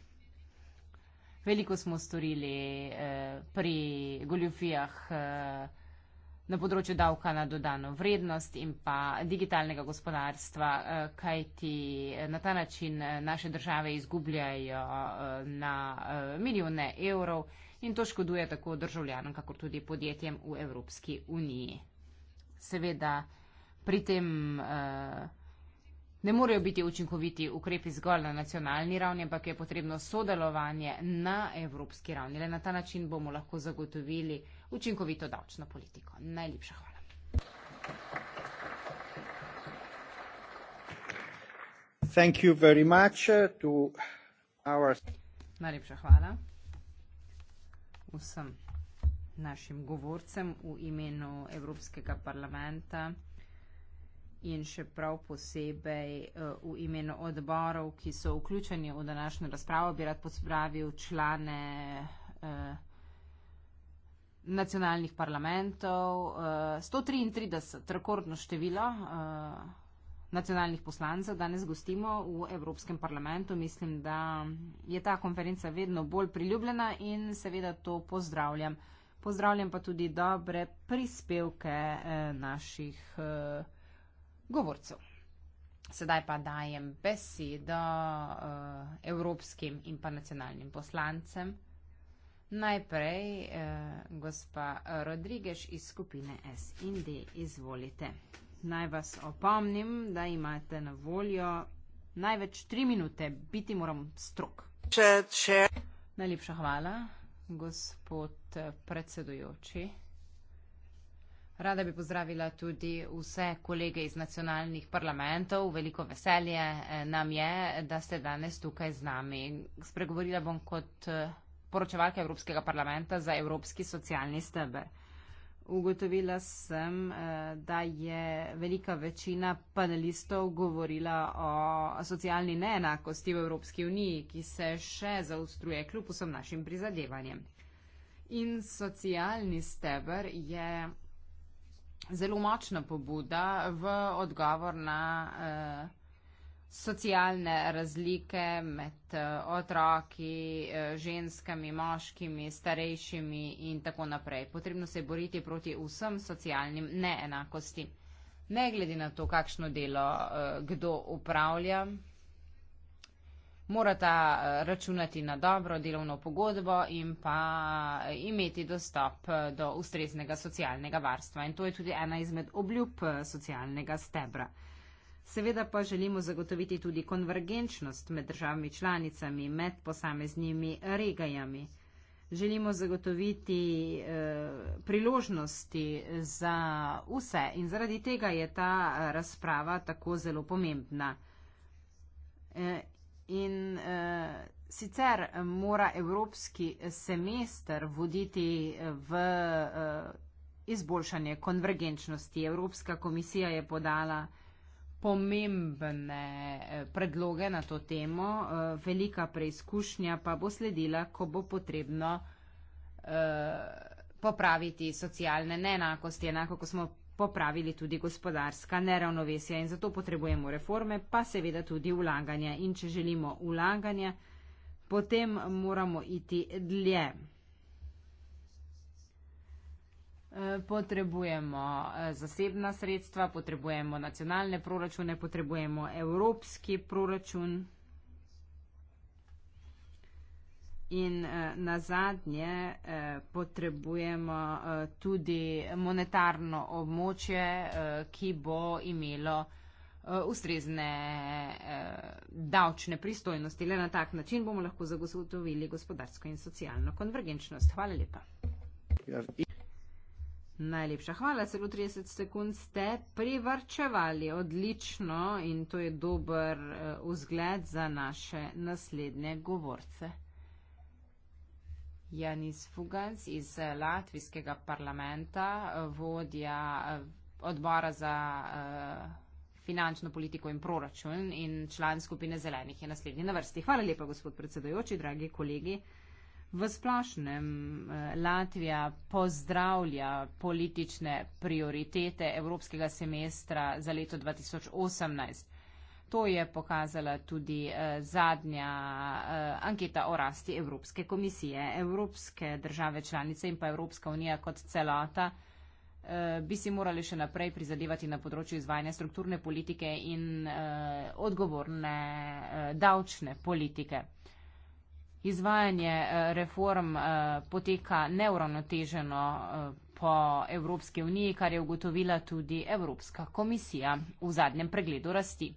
Veliko smo storili pri goljufijah na področju davka na dodano vrednost in pa digitalnega gospodarstva, eh, kaj ti eh, na ta način eh, naše države izgubljajo na milijone evrov in to škoduje tako državljanom, kakor tudi podjetjem v Evropski uniji. Seveda pri tem ne morejo biti učinkoviti ukrepi zgolj na nacionalni ravni, ampak je potrebno sodelovanje na evropski ravni. Le na ta način bomo lahko zagotovili, učinkovito davčno politiko. Najlepša hvala. Thank you very much uh, to our... Najlepša hvala vsem našim govorcem v imenu Evropskega parlamenta in še prav posebej uh, v imenu odborov, ki so vključeni v današnjo razpravo, bi rad pozdravil člane. Eh, nacionalnih parlamentov, 133 eh, rekordno število eh, nacionalnih poslancev danes gostimo v Evropskem parlamentu. Mislim, da je ta konferenca vedno bolj priljubljena in seveda to pozdravljam. Pozdravljam pa tudi dobre prispevke eh, naših govorcev. Sedaj pa dajem besedo evropskim in pa nacionalnim poslancem. Najprej eh, gospa Rodrigež iz skupine SND, izvolite. Naj vas opomnim, da imate na voljo največ tri minute, biti moram strok. Če, če. Najlepša hvala, gospod eh, predsedujoči. Rada bi pozdravila tudi vse kolege iz nacionalnih parlamentov. Veliko veselje eh, nam je, da ste danes tukaj z nami. Spregovorila bom kot eh, poročevalka Evropskega parlamenta za Evropski socialni steber. Ugotovila sem, eh, da je velika večina panelistov govorila o socialni neenakosti v Evropski uniji, ki se še zaostruje kljub vsem našim prizadevanjem. In socialni steber je zelo močna pobuda v odgovor na eh, socialne razlike med eh, otroki, eh, ženskami, moškimi, starejšimi in tako naprej. Potrebno se je boriti proti vsem socialnim neenakosti. Ne glede na to, kakšno delo eh, kdo upravlja, morata računati na dobro delovno pogodbo in pa imeti dostop do ustreznega socialnega varstva. In to je tudi ena izmed obljub socialnega stebra. Seveda pa želimo zagotoviti tudi konvergenčnost med državami članicami, med posameznimi regajami. Želimo zagotoviti eh, priložnosti za vse in zaradi tega je ta razprava tako zelo pomembna. Eh, in eh, sicer mora evropski semester voditi eh, v eh, izboljšanje konvergenčnosti. Evropska komisija je podala pomembne eh, predloge na to temo, eh, velika preizkušnja pa bo sledila, ko bo potrebno eh, popraviti socialne neenakosti, enako kot smo popravili tudi gospodarska neravnovesja in zato potrebujemo reforme, pa seveda tudi vlaganja. In če želimo vlaganja, potem moramo iti dlje. Eh, potrebujemo eh, zasebna sredstva, potrebujemo nacionalne proračune, potrebujemo evropski proračun. In eh, na zadnje potrebujemo tudi monetarno območje, ki bo imelo ustrezne davčne pristojnosti. Le na tak način bomo lahko zagotovili gospodarsko in socialno konvergenčnost. Hvala lepa. Najlepša hvala, celo 30 sekund ste privrčevali, odlično in to je dober eh, vzgled za naše naslednje govorce. Janis Fugans iz eh, Latvijskega parlamenta, eh, vodja odbora za finančno politiko in proračun in član skupine zelenih je naslednji na vrsti. Hvala lepa, gospod predsedojoči, dragi kolegi. V splošnem eh, Latvija pozdravlja politične prioritete evropskega semestra za leto 2018. To je pokazala tudi eh, zadnja eh, anketa o rasti Evropske komisije. Evropske države članice in pa Evropska unija kot celota bi si morali še naprej prizadevati na področju izvajanja strukturne politike in odgovorne davčne politike izvajanje eh, reform eh, poteka neuravnoteženo eh, po Evropske unije, kar je ugotovila tudi Evropska komisija v zadnjem pregledu rasti.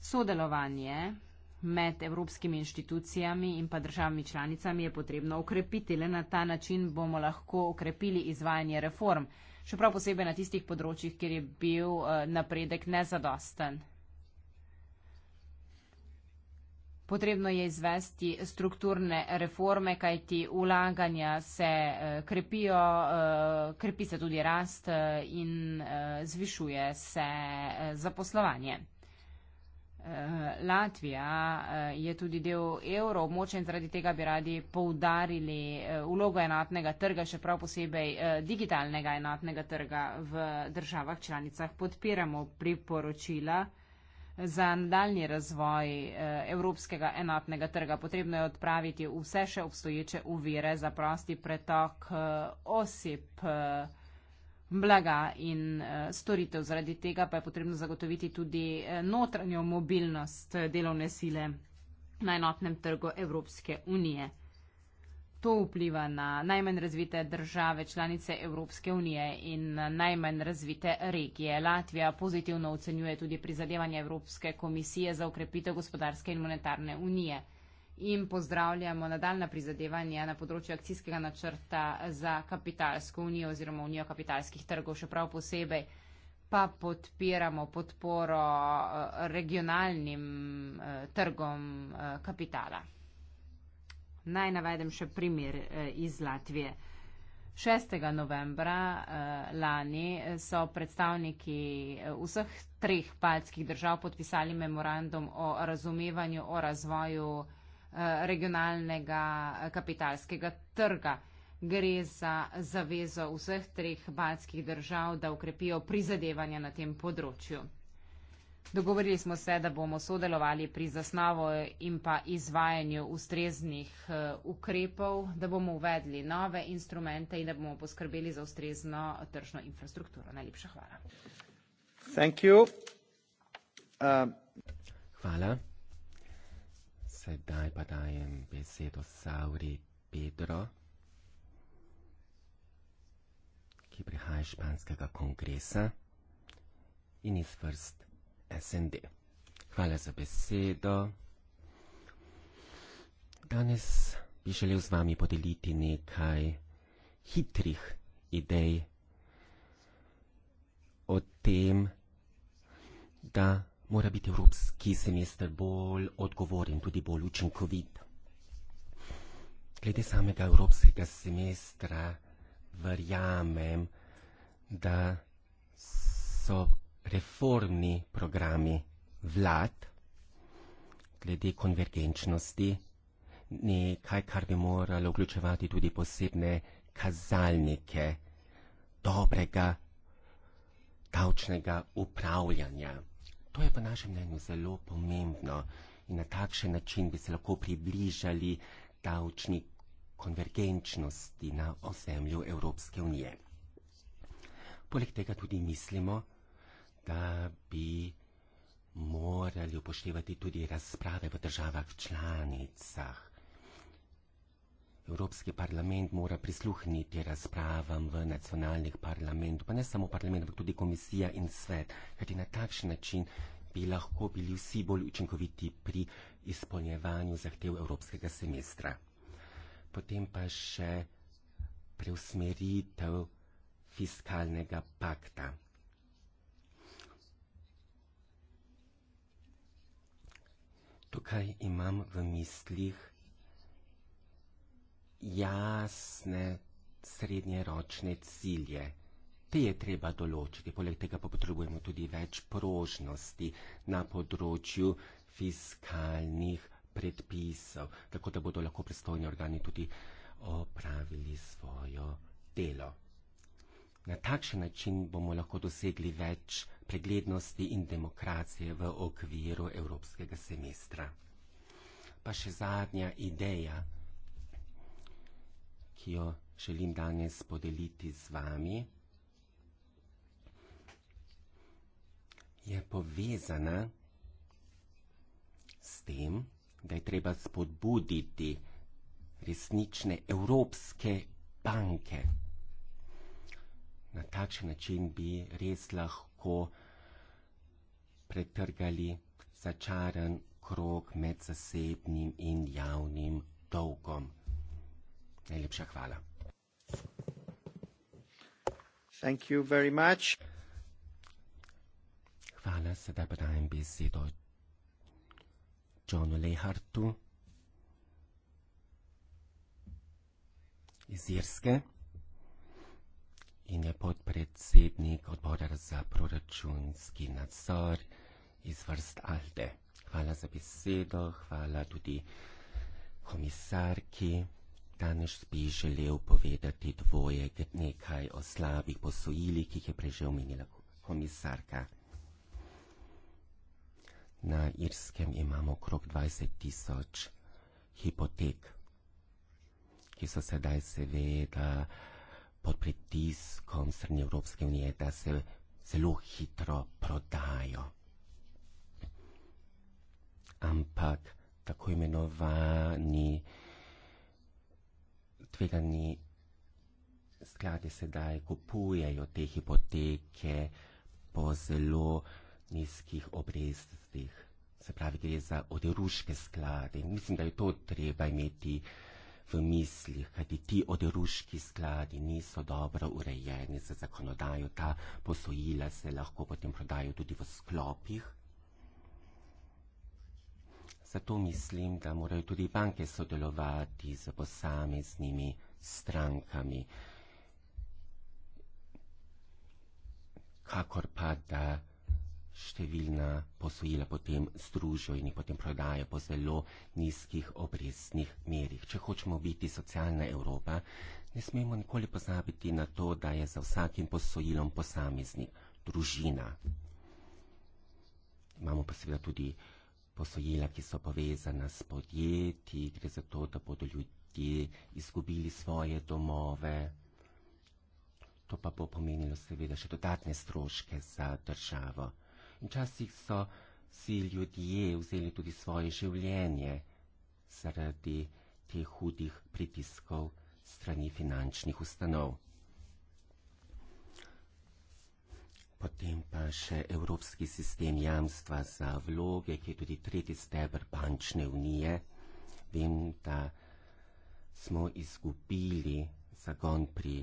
Sodelovanje med evropskimi inštitucijami in pa državami članicami je potrebno ukrepiti. Le na ta način bomo lahko ukrepili izvajanje reform, še prav posebej na tistih področjih, kjer je bil napredek nezadosten. Potrebno je izvesti strukturne reforme, kajti ulaganja se eh, krepijo, eh, krepi se tudi rast eh, in zvišuje se zaposlovanje. Latvija je tudi del evro območja in zaradi tega bi radi poudarili vlogo enotnega trga, še prav posebej digitalnega enotnega trga v državah članicah. Podpiramo priporočila za nadaljni razvoj eh, evropskega enotnega trga. Potrebno je odpraviti vse še obstoječe uvire za prosti pretok eh, oseb eh, blaga in storitev. Zaradi tega pa je potrebno zagotoviti tudi notranjo mobilnost delovne sile na enotnem trgu Evropske unije to vpliva na najmanj razvite države članice Evropske unije in najmanj razvite regije. Latvija pozitivno ocenjuje tudi prizadevanje Evropske komisije za ukrepitev gospodarske in monetarne unije in pozdravljamo nadaljna prizadevanja na področju akcijskega načrta za kapitalsko unijo oziroma unijo kapitalskih trgov, še prav posebej pa podpiramo podporo eh, regionalnim eh, trgom eh, kapitala. Naj navedem še primer eh, iz Latvije. 6. novembra eh, lani eh, so predstavniki vseh treh paljskih držav podpisali memorandum o razumevanju o razvoju regionalnega kapitalskega trga. Gre za zavezo vseh treh baljskih držav, da ukrepijo prizadevanja na tem področju. Dogovorili smo se, da bomo sodelovali pri zasnavo in pa izvajanju ustreznih eh, ukrepov, da bomo uvedli nove instrumente in da bomo poskrbeli za ustrezno tržno infrastrukturo. Najlepša hvala. Thank you. Uh... Hvala. Sedaj pa dajem besedo Sauri Pedro, ki prihaja iz španskega kongresa in iz vrst SND. Hvala za besedo. Danes bi želel z vami podeliti nekaj hitrih idej o tem, da mora biti evropski semester bolj odgovoren, tudi bolj učinkovit. Glede samega evropskega semestra verjamem, da so reformni programi vlad glede konvergenčnosti, nekaj, kar bi moralo vključevati tudi posebne kazalnike dobrega davčnega upravljanja. To je po našem mnenju zelo pomembno in na takšen način bi se lahko približali davčni konvergenčnosti na ozemlju Evropske unije. Poleg tega tudi mislimo, da bi morali upoštevati tudi razprave v državah članicah. Evropski parlament mora prisluhniti razpravam v nacionalnih parlamentu, pa ne samo parlament, ampak tudi komisija in svet, kajti na takšen način bi lahko bili vsi bolj učinkoviti pri izpolnjevanju zahtev evropskega semestra. Potem pa še preusmeritev fiskalnega pakta. Tukaj imam v mislih jasne srednjeročne cilje. Te je treba določiti, poleg tega pa potrebujemo tudi več prožnosti na področju fiskalnih predpisov, tako da bodo lahko pristojni organi tudi opravili svojo delo. Na takšen način bomo lahko dosegli več preglednosti in demokracije v okviru evropskega semestra. Pa še zadnja ideja, ki jo želim danes podeliti z vami, je povezana s tem, da je treba spodbuditi resnične evropske banke na takšen način bi res lahko pretrgali začaran krok med zasebnim in javnim dolgom. Najlepša hvala. Thank you very much. Hvala, sedaj pa dajem besedo Johnu Lehartu iz Irske in je podpredsednik odbora za proračunski nadzor iz vrst Alde. Hvala za besedo, hvala tudi komisarki. Danes bi želel povedati dvoje nekaj o slabih posojilih, ki jih je prežel omenila komisarka. Na Irskem imamo okrog 20 tisoč hipotek, ki so sedaj seveda pod pritiskom strani Evropske unije, da se zelo hitro prodajo. Ampak tako imenovani tvegani skladi sedaj kupujejo te hipoteke po zelo nizkih obrestih. Se pravi, gre za oderuške sklade. Mislim, da je to treba imeti uh, v mislih, kajti ti oderuški skladi niso dobro urejeni za zakonodajo, ta posojila se lahko potem prodajo tudi v sklopih. Zato mislim, da morajo tudi banke sodelovati z posameznimi strankami. Kakor pa da številna posojila potem združijo in jih potem prodajo po zelo nizkih obrestnih merih. Če hočemo biti socialna Evropa, ne smemo nikoli pozabiti na to, da je za vsakim posojilom posameznik družina. Imamo pa seveda tudi posojila, ki so povezana s podjetji, gre za to, da bodo ljudje izgubili svoje domove. To pa bo pomenilo seveda še dodatne stroške za državo včasih so si ljudje vzeli tudi svoje življenje zaradi teh hudih pritiskov strani finančnih ustanov. Potem pa še Evropski sistem jamstva za vloge, ki je tudi tretji stebr bančne unije. Vem, da smo izgubili zagon pri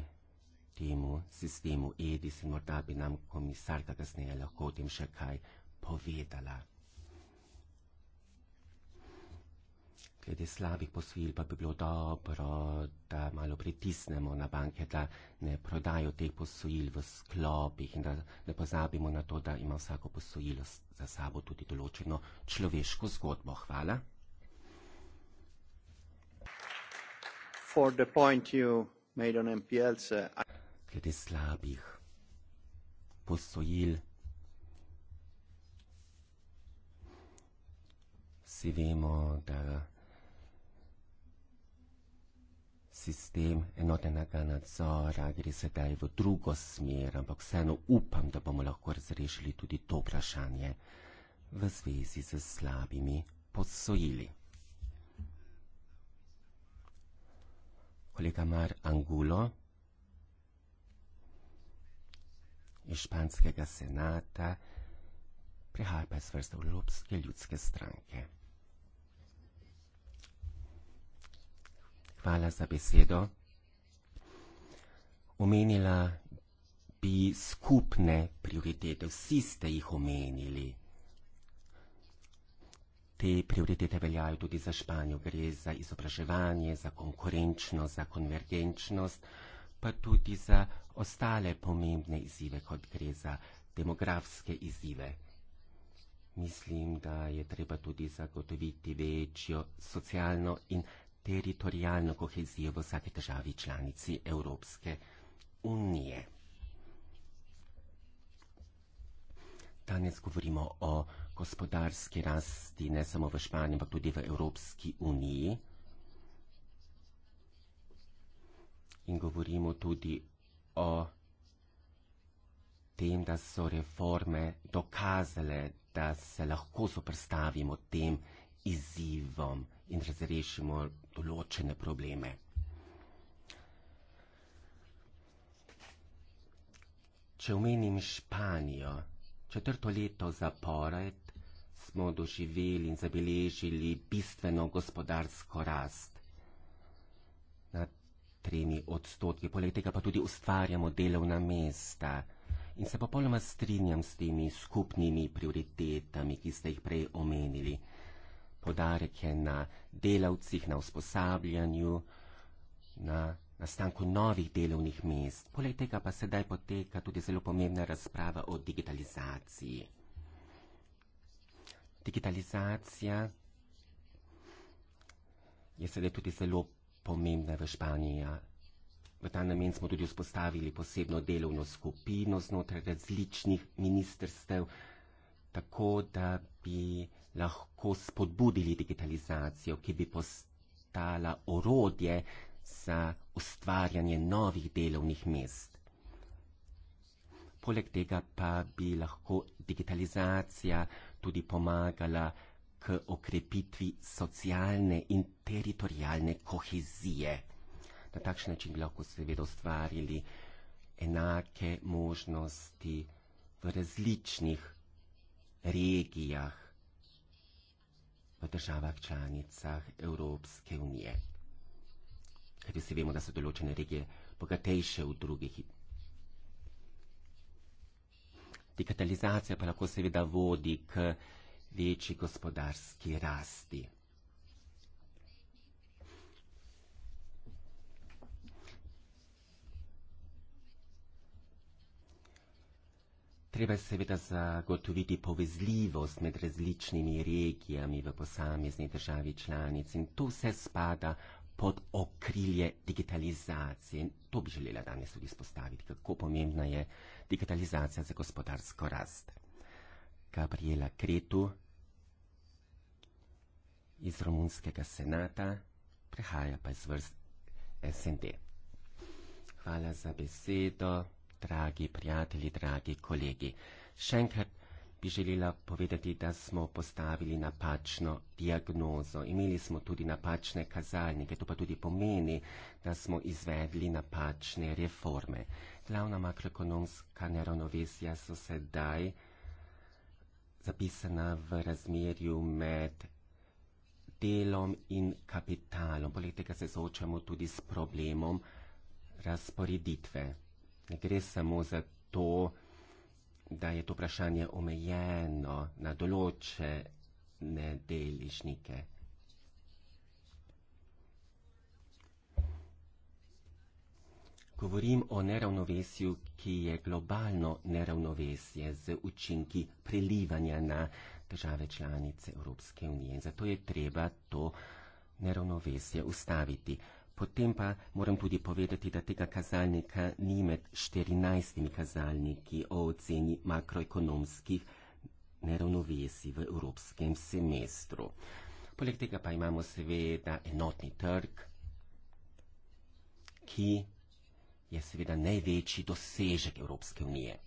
temu sistemu EDIS in morda bi nam komisarka kasneje lahko o tem še kaj povedala. Glede slabih posojil pa bi bilo dobro, da malo pritisnemo na banke, da ne prodajo teh posojil v sklopih in da ne pozabimo na to, da ima vsako posojilo za sabo tudi določeno človeško zgodbo. Hvala. For the point you made on MPLs, uh, I glede slabih posojil. Vsi vemo, da sistem enotenega nadzora gre sedaj v drugo smer, ampak vseeno upam, da bomo lahko razrešili tudi to vprašanje v zvezi z slabimi posojili. Kolega Mar Angulo. španskega senata prihaja pa iz vrste Evropske ljudske stranke. Hvala za besedo. Omenila bi skupne prioritete, vsi ste jih omenili. Te prioritete veljajo tudi za Španijo, gre za izobraževanje, za konkurenčnost, za konvergenčnost pa tudi za ostale pomembne izzive, kot gre za demografske izzive. Mislim, da je treba tudi zagotoviti večjo socialno in teritorijalno kohezijo v vsaki državi članici Evropske unije. Danes govorimo o gospodarski rasti ne samo v Španiji, ampak tudi v Evropski uniji. in govorimo tudi o tem, da so reforme dokazale, da se lahko soprstavimo tem izzivom in razrešimo določene probleme. Če omenim Španijo, četrto leto zapored smo doživeli in zabeležili bistveno gospodarsko rast tremi odstotki, poleg tega pa tudi ustvarjamo delovna mesta. In se popolnoma strinjam s temi skupnimi prioritetami, ki ste jih prej omenili. Podarek je na delavcih, na usposabljanju, na nastanku novih delovnih mest. Poleg tega pa sedaj poteka tudi zelo pomembna razprava o digitalizaciji. Digitalizacija je sedaj tudi zelo pomembna v Španiji. V ta namen smo tudi vzpostavili posebno delovno skupino znotraj različnih ministrstev, tako da bi lahko spodbudili digitalizacijo, ki bi postala orodje za ustvarjanje novih delovnih mest. Poleg tega pa bi lahko digitalizacija tudi pomagala k okrepitvi socialne in teritorijalne kohezije. Na takšen način bi lahko seveda ustvarili enake možnosti v različnih regijah, v državah članicah Evropske unije. Kajti vsi vemo, da so določene regije bogatejše v drugih. Digitalizacija pa lahko seveda vodi k večji gospodarski rasti. Treba je seveda zagotoviti povezljivost med različnimi regijami v posamezni državi članici in to vse spada pod okrilje digitalizacije. In to bi želela danes tudi izpostaviti, kako pomembna je digitalizacija za gospodarsko rast. Gabriela Kretu, iz romunskega senata, prihaja pa iz vrst SND. Hvala za besedo, dragi prijatelji, dragi kolegi. Še enkrat bi želela povedati, da smo postavili napačno diagnozo. Imeli smo tudi napačne kazalnike, to pa tudi pomeni, da smo izvedli napačne reforme. Glavna makroekonomska neravnovesja so sedaj zapisana v razmerju med delom in kapitalom. Poleg tega se soočamo tudi s problemom razporeditve. Ne gre samo za to, da je to vprašanje omejeno na določene deližnike. Govorim o neravnovesju, ki je globalno neravnovesje z učinki prelivanja na države članice Evropske unije. In zato je treba to neravnovesje ustaviti. Potem pa moram tudi povedati, da tega kazalnika ni med 14 kazalniki o oceni makroekonomskih neravnovesij v evropskem semestru. Poleg tega pa imamo seveda enotni trg, ki je seveda največji dosežek Evropske unije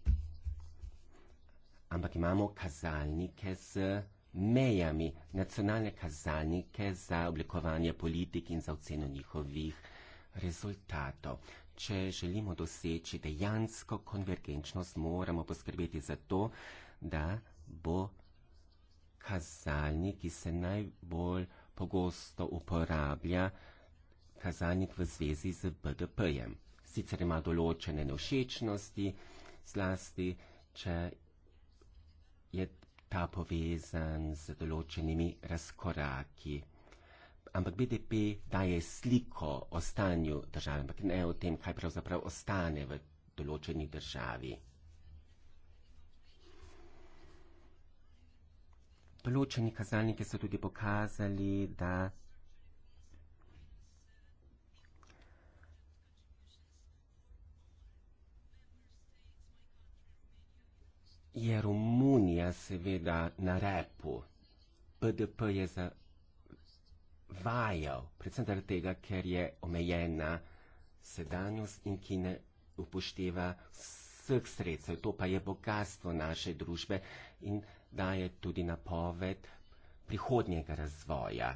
ampak imamo kazalnike z mejami, nacionalne kazalnike za oblikovanje politik in za oceno njihovih rezultatov. Če želimo doseči dejansko konvergenčnost, moramo poskrbeti za to, da bo kazalnik, ki se najbolj pogosto uporablja, kazalnik v zvezi z BDP-jem. Sicer ima določene nevšečnosti, zlasti, če je ta povezan z določenimi razkoraki. Ampak BDP daje sliko o stanju države, ampak ne o tem, kaj pravzaprav ostane v določeni državi. Določeni kazalniki so tudi pokazali, da je Romunija seveda na repu. PDP je zavajal, predvsem zaradi tega, ker je omejena sedanjost in ki ne upošteva vseh sredstev. To pa je bogatstvo naše družbe in daje tudi napoved prihodnjega razvoja.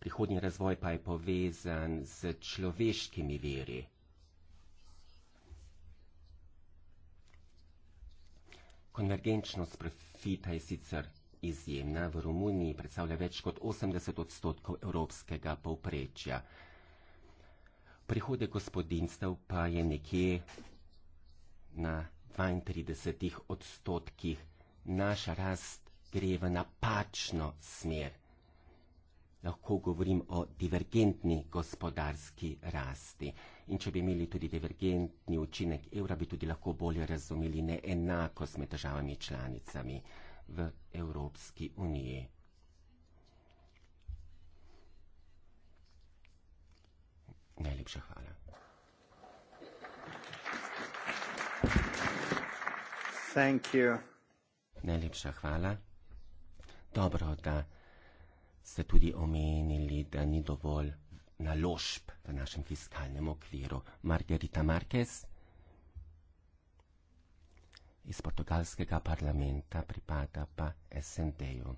Prihodnji razvoj pa je povezan z človeškimi veri. Konvergenčnost profita je sicer izjemna, v Romuniji predstavlja več kot 80 odstotkov evropskega povprečja. Prihode gospodinstv pa je nekje na 32 odstotkih. Naša rast gre v napačno smer. Lahko govorim o divergentni gospodarski rasti. In če bi imeli tudi divergentni učinek evra, bi tudi lahko bolje razumeli neenakost med državami članicami v Evropski uniji. Najlepša hvala. Thank you. Najlepša hvala. Dobro, da ste tudi omenili, da ni dovolj naložb v našem fiskalnem okviru. Margarita Marquez iz portugalskega parlamenta pripada pa SND-ju.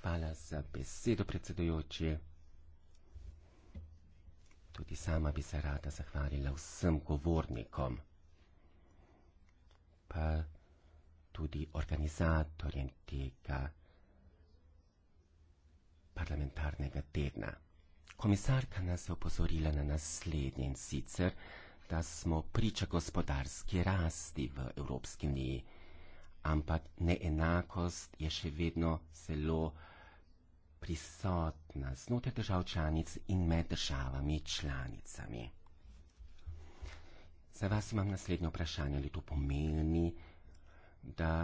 Hvala za besedo, predsedujoči. Tudi sama bi se rada zahvalila vsem govornikom, pa tudi organizatorjem tega parlamentarnega tedna. Komisarka nas je opozorila na naslednje in sicer, da smo priča gospodarski rasti v Evropski uniji, ampak neenakost je še vedno zelo prisotna znotraj držav članic in med državami članicami. Za vas imam naslednje vprašanje, ali to pomeni, da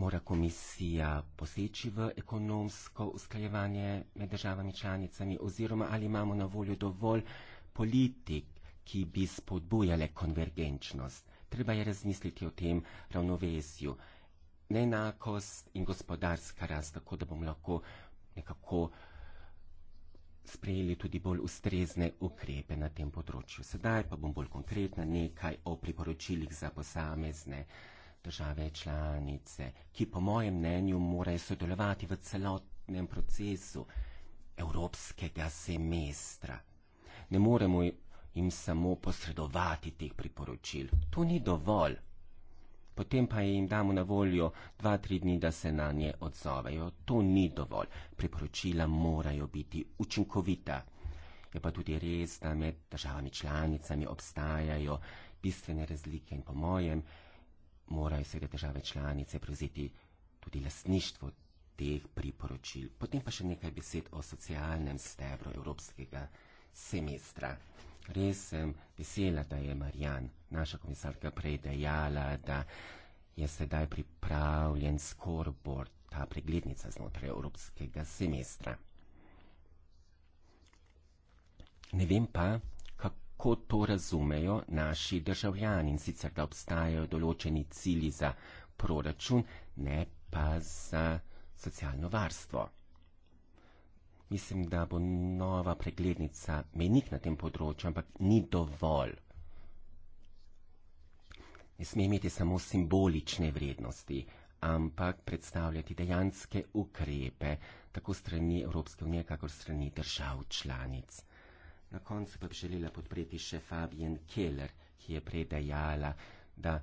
mora komisija poseči v ekonomsko usklajevanje med državami članicami oziroma ali imamo na voljo dovolj politik, ki bi spodbujale konvergenčnost. Treba je razmisliti o tem ravnovesju. Neenakost in gospodarska rast, tako da bomo lahko nekako sprejeli tudi bolj ustrezne ukrepe na tem področju. Sedaj pa bom bolj konkretna nekaj o priporočilih za posamezne države članice, ki po mojem mnenju morajo sodelovati v celotnem procesu evropskega semestra. Ne moremo jim samo posredovati teh priporočil. To ni dovolj. Potem pa jim damo na voljo dva, tri dni, da se na nje odzovejo. To ni dovolj. Priporočila morajo biti učinkovita. Je pa tudi res, da med državami članicami obstajajo bistvene razlike in po mojem morajo seveda države članice prevzeti tudi lasništvo teh priporočil. Potem pa še nekaj besed o socialnem stebru evropskega semestra. Res sem vesela, da je Marjan, naša komisarka, prej dejala, da je sedaj pripravljen scoreboard, ta preglednica znotraj evropskega semestra. Ne vem pa, kako to razumejo naši državljani in sicer, da obstajajo določeni cilji za proračun, ne pa za socialno varstvo. Mislim, da bo nova preglednica menik na tem področju, ampak ni dovolj. Ne sme imeti samo simbolične vrednosti, ampak predstavljati dejanske ukrepe, tako strani Evropske unije, kakor strani držav članic. Na koncu pa bi želela podpreti še Fabien Keller, ki je prej dejala, da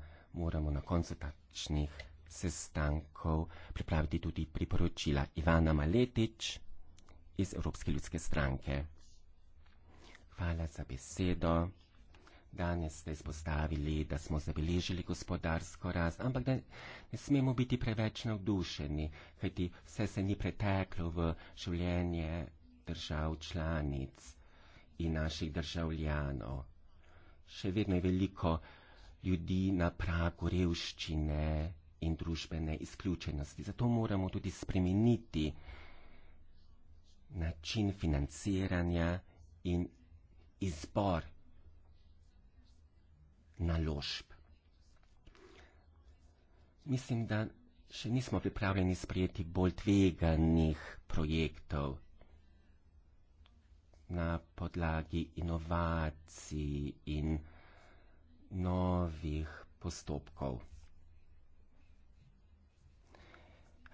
moramo na koncu takšnih sestankov pripraviti tudi priporočila Ivana Maletič iz Evropske ljudske stranke. Hvala za besedo. Danes ste izpostavili, da smo zabeležili gospodarsko rast, ampak da ne smemo biti preveč navdušeni, kajti vse se ni preteklo v življenje držav članic in naših državljanov. Še vedno je veliko ljudi na pragu revščine in družbene izključenosti. Zato moramo tudi spremeniti način financiranja in izbor naložb. Mislim, da še nismo pripravljeni sprejeti bolj tveganih projektov na podlagi inovacij in novih postopkov.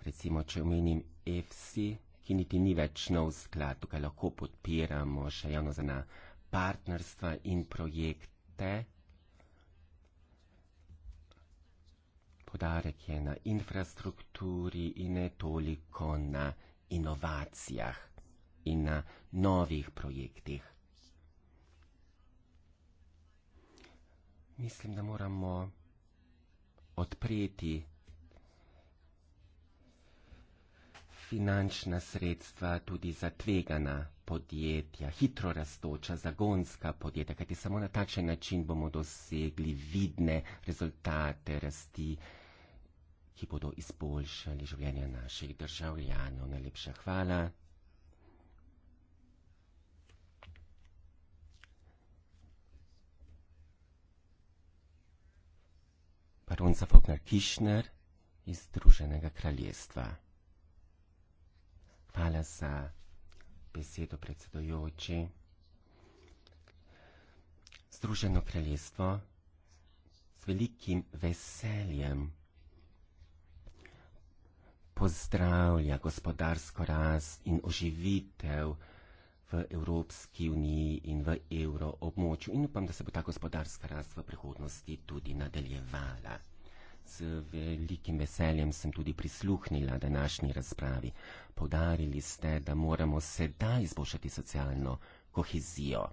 Recimo, če omenim EFSI, ki niti ni več nov sklad, tukaj lahko podpiramo še javno zana partnerstva in projekte. Podarek je na infrastrukturi in ne toliko na inovacijah in na novih projektih. Mislim, da moramo odpreti finančna sredstva tudi za tvegana podjetja, hitro rastoča, zagonska podjetja, kajti samo na takšen način bomo dosegli vidne rezultate rasti, ki bodo izboljšali življenje naših državljanov. Najlepša hvala. baronca Fokner Kirchner i Združenega kraljestva. Hvala za besedo predsedojoči. Združeno kraljestvo z velikim veseljem pozdravlja gospodarsko rast in oživitev v Evropski uniji in v evroobmočju in upam, da se bo ta gospodarska rast v prihodnosti tudi nadaljevala. Z velikim veseljem sem tudi prisluhnila današnji razpravi. Povdarili ste, da moramo sedaj izboljšati socialno kohezijo,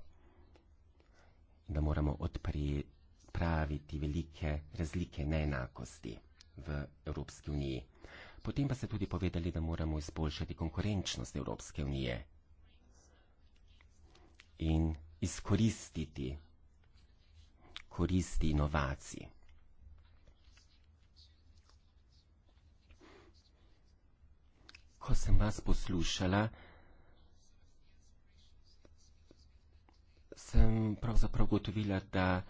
da moramo odpraviti velike razlike neenakosti v Evropski uniji. Potem pa ste tudi povedali, da moramo izboljšati konkurenčnost Evropske unije in izkoristiti koristi inovacij. Ko sem vas poslušala, sem pravzaprav gotovila, da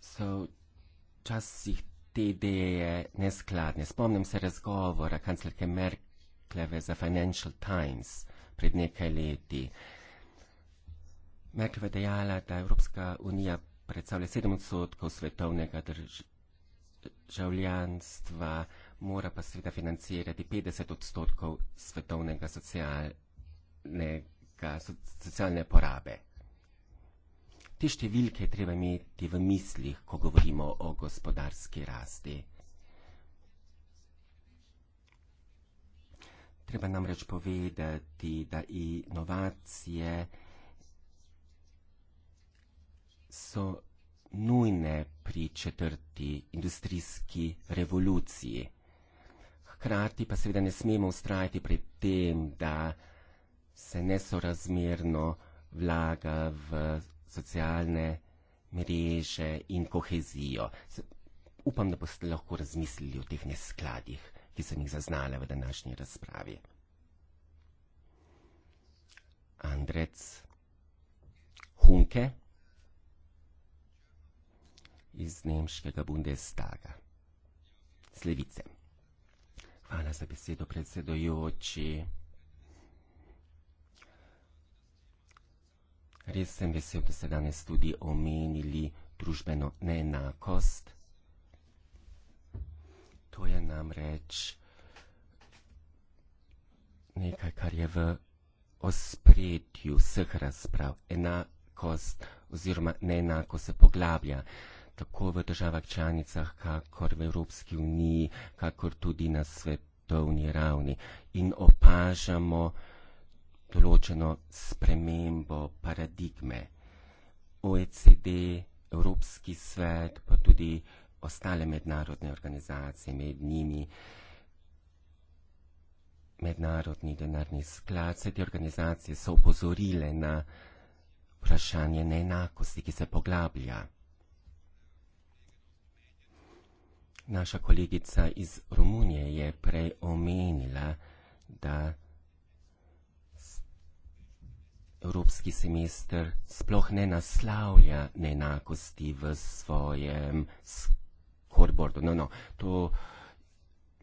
so včasih te ideje neskladne. Spomnim se razgovora kanclerke Merkleve za Financial Times pred nekaj leti, Merkel je dejala, da Evropska unija predstavlja sedem odstotkov svetovnega državljanstva, mora pa seveda financirati 50 odstotkov svetovnega socialnega, socialne porabe. Te številke treba imeti v mislih, ko govorimo o gospodarski rasti. Treba namreč povedati, da inovacije so nujne pri četrti industrijski revoluciji. Hkrati pa seveda ne smemo ustrajati pri tem, da se nesorazmerno vlaga v socialne mreže in kohezijo. Upam, da boste lahko razmislili o teh neskladjih, ki sem jih zaznala v današnji razpravi. Andrec Hunke iz nemškega Bundestaga. Slevice. Hvala za besedo, predsedojoči. Res sem vesel, da ste danes tudi omenili družbeno neenakost. To je namreč nekaj, kar je v ospredju vseh razprav. Enakost oziroma neenakost se poglablja tako v državah članicah, kakor v Evropski uniji, kakor tudi na svetovni ravni. In opažamo določeno spremembo paradigme. OECD, Evropski svet, pa tudi ostale mednarodne organizacije, med njimi mednarodni denarni sklad, vse te organizacije so upozorile na vprašanje neenakosti, ki se poglablja. Naša kolegica iz Romunije je prej omenila, da evropski semester sploh ne naslavlja neenakosti v svojem skorbordu. No, no, to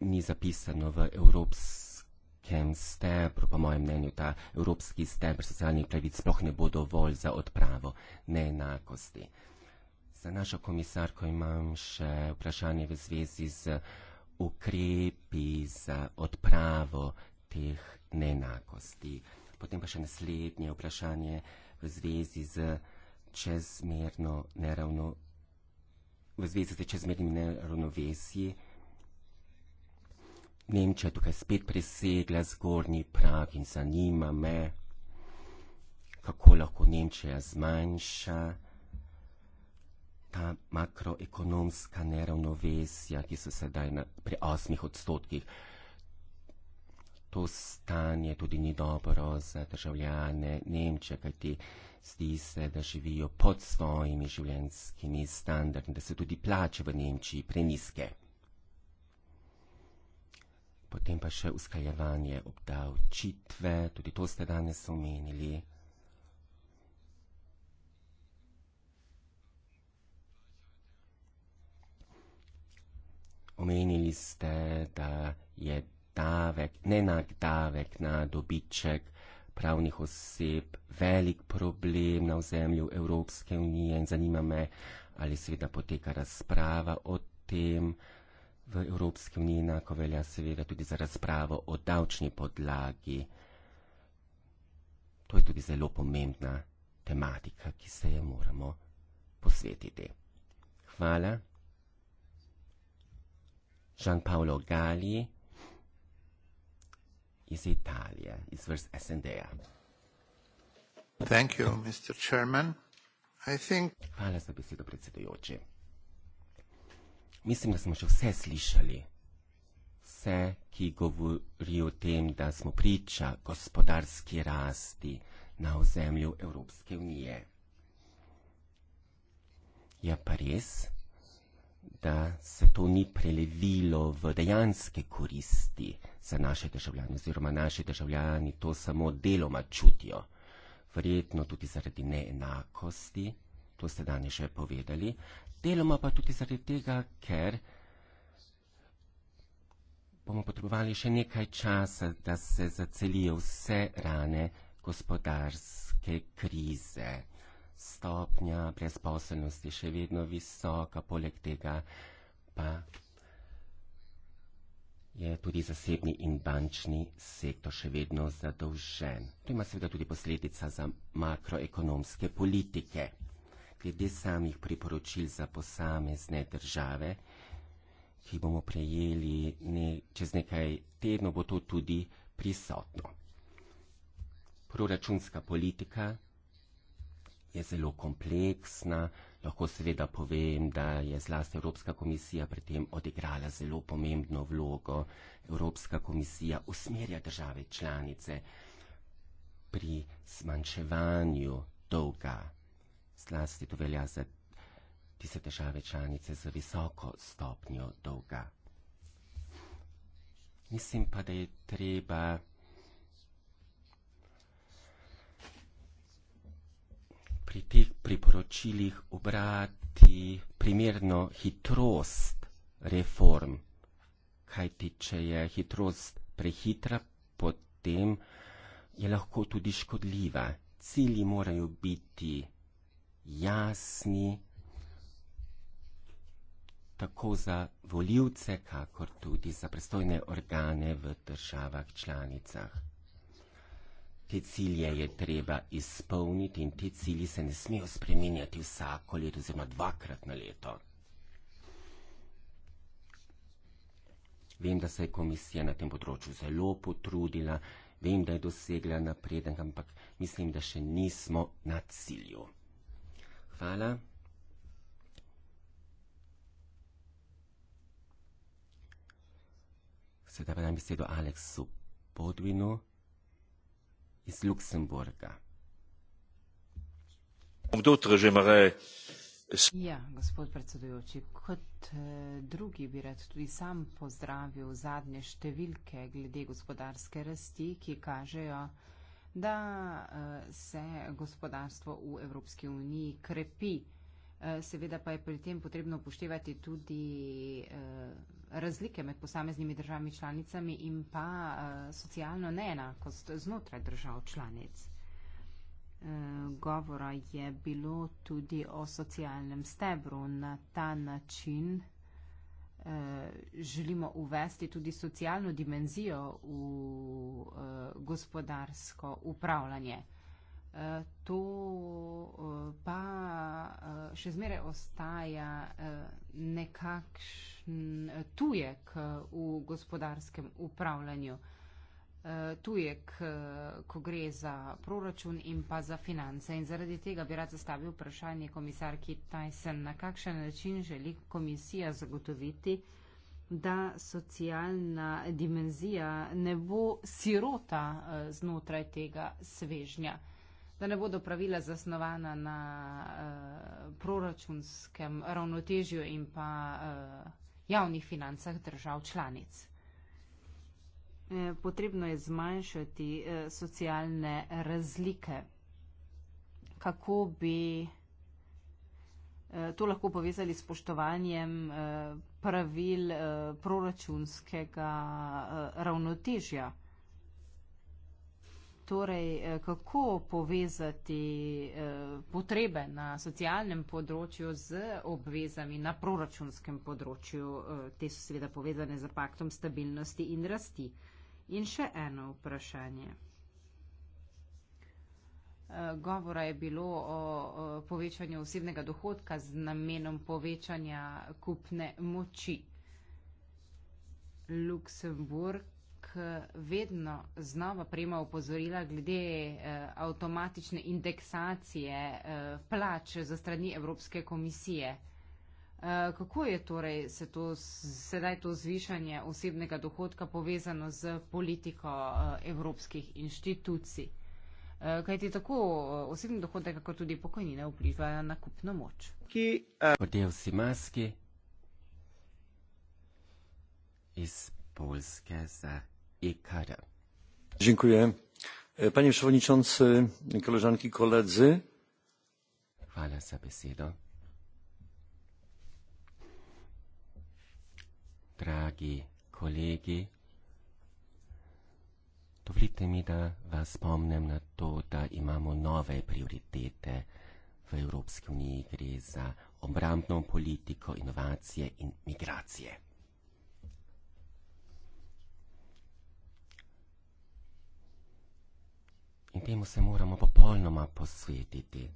ni zapisano v evropskem stebru, po mojem mnenju ta evropski stebr socialnih pravic sploh ne bo dovolj za odpravo neenakosti za našo komisarko imam še vprašanje v zvezi z ukrepi za odpravo teh neenakosti. Potem pa še naslednje vprašanje v zvezi z čezmerno neravno v zvezi z čezmernimi neravnovesji. Nemčija tukaj spet presegla zgornji prag in zanima me, kako lahko Nemčija zmanjša ta makroekonomska neravnovesja, ki so sedaj na, pri osmih odstotkih. To stanje tudi ni dobro za državljane Nemčije, kajti zdi se, da živijo pod svojimi življenjskimi standardi, da so tudi plače v Nemčiji preniske. Potem pa še uskaljevanje obdavčitve, tudi to ste danes omenili. omenili ste, da je davek, nenak davek na dobiček pravnih oseb velik problem na ozemlju Evropske unije in zanima me, ali seveda poteka razprava o tem v Evropske unije, enako velja seveda tudi za razpravo o davčni podlagi. To je tudi zelo pomembna tematika, ki se je moramo posvetiti. Hvala. Gian Paolo Gali is Italia, is verse Ascendea. Thank you, Mr. Chairman. I think... Hvala za besedo, predsedujoči. Mislim, da smo še vse slišali. Vse, ki govori o tem, da smo priča gospodarski rasti na ozemlju Evropske unije. Je pa res, da se to ni prelevilo v dejanske koristi za naše državljane, oziroma naši državljani to samo deloma čutijo. Verjetno tudi zaradi neenakosti, to ste danes že povedali, deloma pa tudi zaradi tega, ker bomo potrebovali še nekaj časa, da se zacelijo vse rane gospodarske krize stopnja brezposelnosti še vedno visoka, poleg tega pa je tudi zasebni in bančni sektor še vedno zadolžen. To ima seveda tudi posledica za makroekonomske politike. Glede samih priporočil za posamezne države, ki bomo prejeli ne, čez nekaj tednov, bo to tudi prisotno. Proračunska politika je zelo kompleksna. Lahko seveda povem, da je zlasti Evropska komisija pri tem odigrala zelo pomembno vlogo. Evropska komisija usmerja države članice pri zmanjševanju dolga. Zlasti to velja za tiste države članice z visoko stopnjo dolga. Mislim pa, da je treba pri teh priporočilih obrati primerno hitrost reform. Kaj ti, če je hitrost prehitra, potem je lahko tudi škodljiva. Cilji morajo biti jasni, tako za voljivce, kakor tudi za prestojne organe v državah članicah. Te cilje je treba izpolniti in ti cilji se ne smejo spremenjati vsako leto, oziroma dvakrat na leto. Vem, da se je komisija na tem področju zelo potrudila, vem, da je dosegla napredek, ampak mislim, da še nismo na cilju. Hvala. Sedaj pa dam besedo Aleksu Podvinu iz Luksemburga. Ja, gospod predsedujoči, kot eh, drugi bi rad tudi sam pozdravil zadnje številke glede gospodarske rasti, ki kažejo, da eh, se gospodarstvo v Evropski uniji krepi. Eh, seveda pa je pri tem potrebno upoštevati tudi eh, razlike med posameznimi državami članicami in pa eh, socialno neenakost znotraj držav članic. Govora je bilo tudi o socialnem stebru. Na ta način želimo uvesti tudi socialno dimenzijo v gospodarsko upravljanje to eh, pa eh, še zmeraj ostaja eh, nekakšen tujek v gospodarskem upravljanju, tujek, ko gre za proračun in pa za finance. In zaradi tega bi rad zastavil vprašanje komisarki Tyson, na kakšen način želi komisija zagotoviti, da socialna dimenzija ne bo sirota znotraj tega svežnja da ne bodo pravila zasnovana na uh, proračunskem ravnotežju in pa uh, javnih financah držav članic. Eh, potrebno je zmanjšati uh, socialne razlike. Kako bi To lahko povezali s poštovanjem pravil proračunskega ravnotežja. Torej, eh, kako povezati eh, potrebe na socialnem področju z obvezami na proračunskem področju? Eh, te so seveda povezane z paktom stabilnosti in rasti. In še eno vprašanje. Govora je bilo o povečanju osebnega dohodka z namenom povečanja kupne moči. Luksemburg vedno znova prema upozorila glede eh, avtomatične indeksacije eh, plač za strani Evropske komisije. Eh, kako je torej se to, sedaj to zvišanje osebnega dohodka povezano z politiko evropskih inštitucij? Kaj ti tako osebni dohodek, kako tudi pokojnine vplivajo na kupno moč? Ki, uh... Odel si maski iz Poljske za E, panie przewodniczący koleżanki i koledzy dragi kolegi dovolite mi da vas spomnim na to da imamo nove prioritete v evropski uniji gre za obrambno politiko inovacije in migracije in temu se moramo popolnoma posvetiti.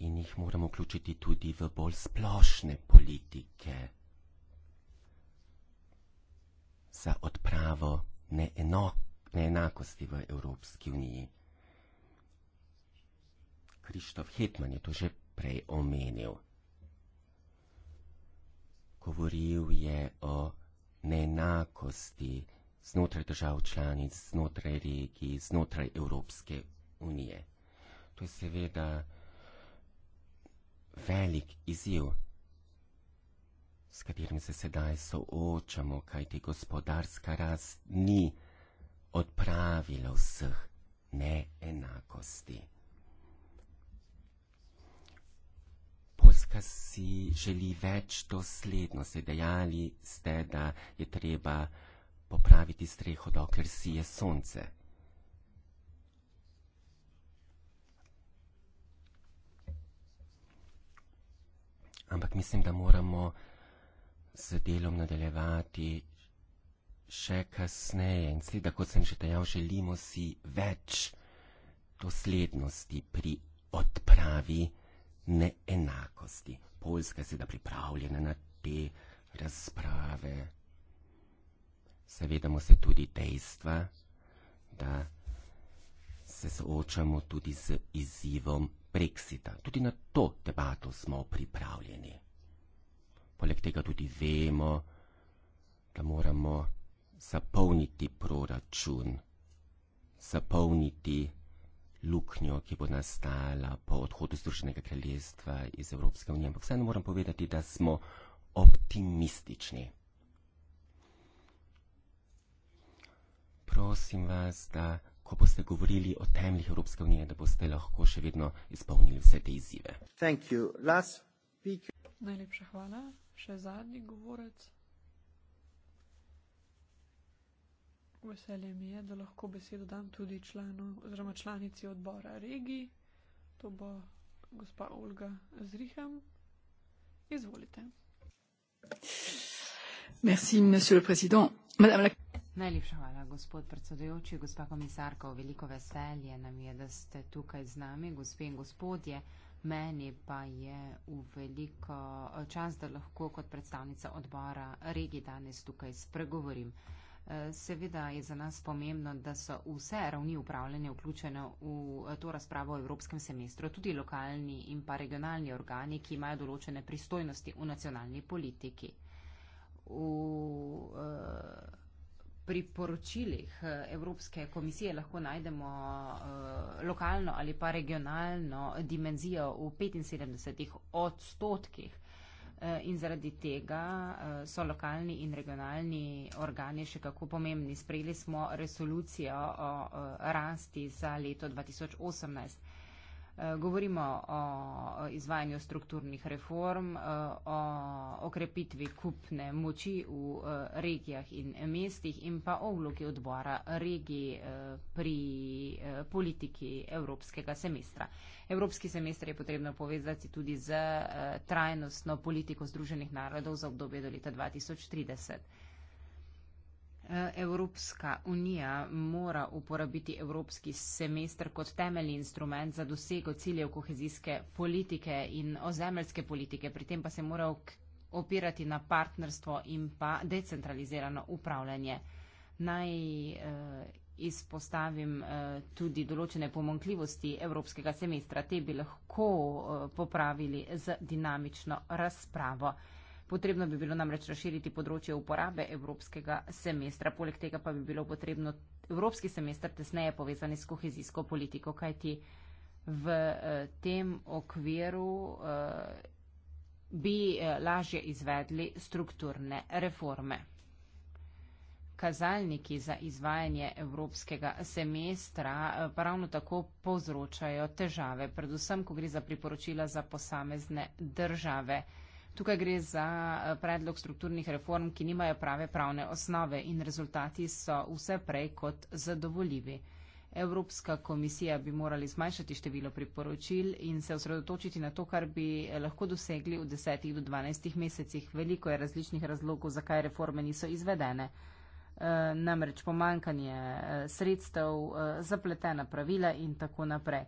In jih moramo vključiti tudi v bolj splošne politike za odpravo neeno, neenakosti v Evropski uniji. Krištof Hetman je to že prej omenil. Govoril je o neenakosti znotraj držav članic, znotraj regij, znotraj Evropske unije. To je seveda velik izziv, s katerim se sedaj soočamo, kajti gospodarska rast ni odpravila vseh neenakosti. Poljska si želi več doslednosti, dejali ste, da je treba popraviti streho, dokler si je sonce. Ampak mislim, da moramo z delom nadaljevati še kasneje in seveda, kot sem že dejal, želimo si več doslednosti pri odpravi neenakosti. Poljska je seveda pripravljena na te razprave zavedamo se tudi dejstva, da se soočamo tudi z izzivom Brexita. Tudi na to debato smo pripravljeni. Poleg tega tudi vemo, da moramo zapolniti proračun, zapolniti luknjo, ki bo nastala po odhodu Združenega kraljestva iz Evropske unije. Ampak vseeno moram povedati, da smo optimistični. prosim vas, da ko boste govorili o temeljih Evropske unije, da boste lahko še vedno izpolnili vse te izzive. Najlepša hvala. Še zadnji govorec. Veselje mi je, da lahko besedo dam tudi članu, oziroma članici odbora regij. To bo gospa Olga Zrihem. Izvolite. Merci, monsieur le président. Madame la... Najlepša hvala, gospod predsedujoči, gospa komisarka, v veliko veselje nam je, da ste tukaj z nami, gospe in gospodje. Meni pa je v veliko eh, čas, da lahko kot predstavnica odbora regi danes tukaj spregovorim. Eh, seveda je za nas pomembno, da so vse ravni upravljanja vključene v eh, to razpravo o evropskem semestru, tudi lokalni in pa regionalni organi, ki imajo določene pristojnosti v nacionalni politiki. V, uh, priporočilih eh, Evropske komisije lahko najdemo eh, lokalno ali pa regionalno dimenzijo v 75 odstotkih. Eh, in zaradi tega so lokalni in regionalni organi še kako pomembni. Sprejeli smo resolucijo o rasti za leto 2018. Eh, govorimo o izvajanju strukturnih reform, eh, o okrepitvi kupne moči v eh, regijah in mestih in pa o vlogi odbora regij pri politiki evropskega semestra. Evropski semestr je potrebno povezati tudi z trajnostno politiko Združenih narodov za obdobje do leta 2030. Evropska unija mora uporabiti evropski semester kot temeljni instrument za dosego ciljev kohezijske politike in ozemeljske politike, pri tem pa se mora opirati na partnerstvo in pa decentralizirano upravljanje. Naj eh, izpostavim eh, tudi določene pomankljivosti evropskega semestra. Te bi lahko eh, popravili z dinamično razpravo. Potrebno bi bilo namreč razširiti področje uporabe evropskega semestra, poleg tega pa bi bilo potrebno evropski semestr tesneje povezani s kohezijsko politiko, kajti v eh, tem okviru eh, bi eh, lažje izvedli strukturne reforme. Kazalniki za izvajanje evropskega semestra pa ravno tako povzročajo težave, predvsem, ko gre za priporočila za posamezne države. Tukaj gre za eh, predlog strukturnih reform, ki nimajo prave pravne osnove in rezultati so vse prej kot zadovoljivi. Evropska komisija bi morali zmanjšati število priporočil in se osredotočiti na to, kar bi eh, lahko dosegli v 10 do 12 mesecih. Veliko je različnih razlogov, zakaj reforme niso izvedene. Eh, namreč pomankanje sredstev, zapletena pravila in tako naprej.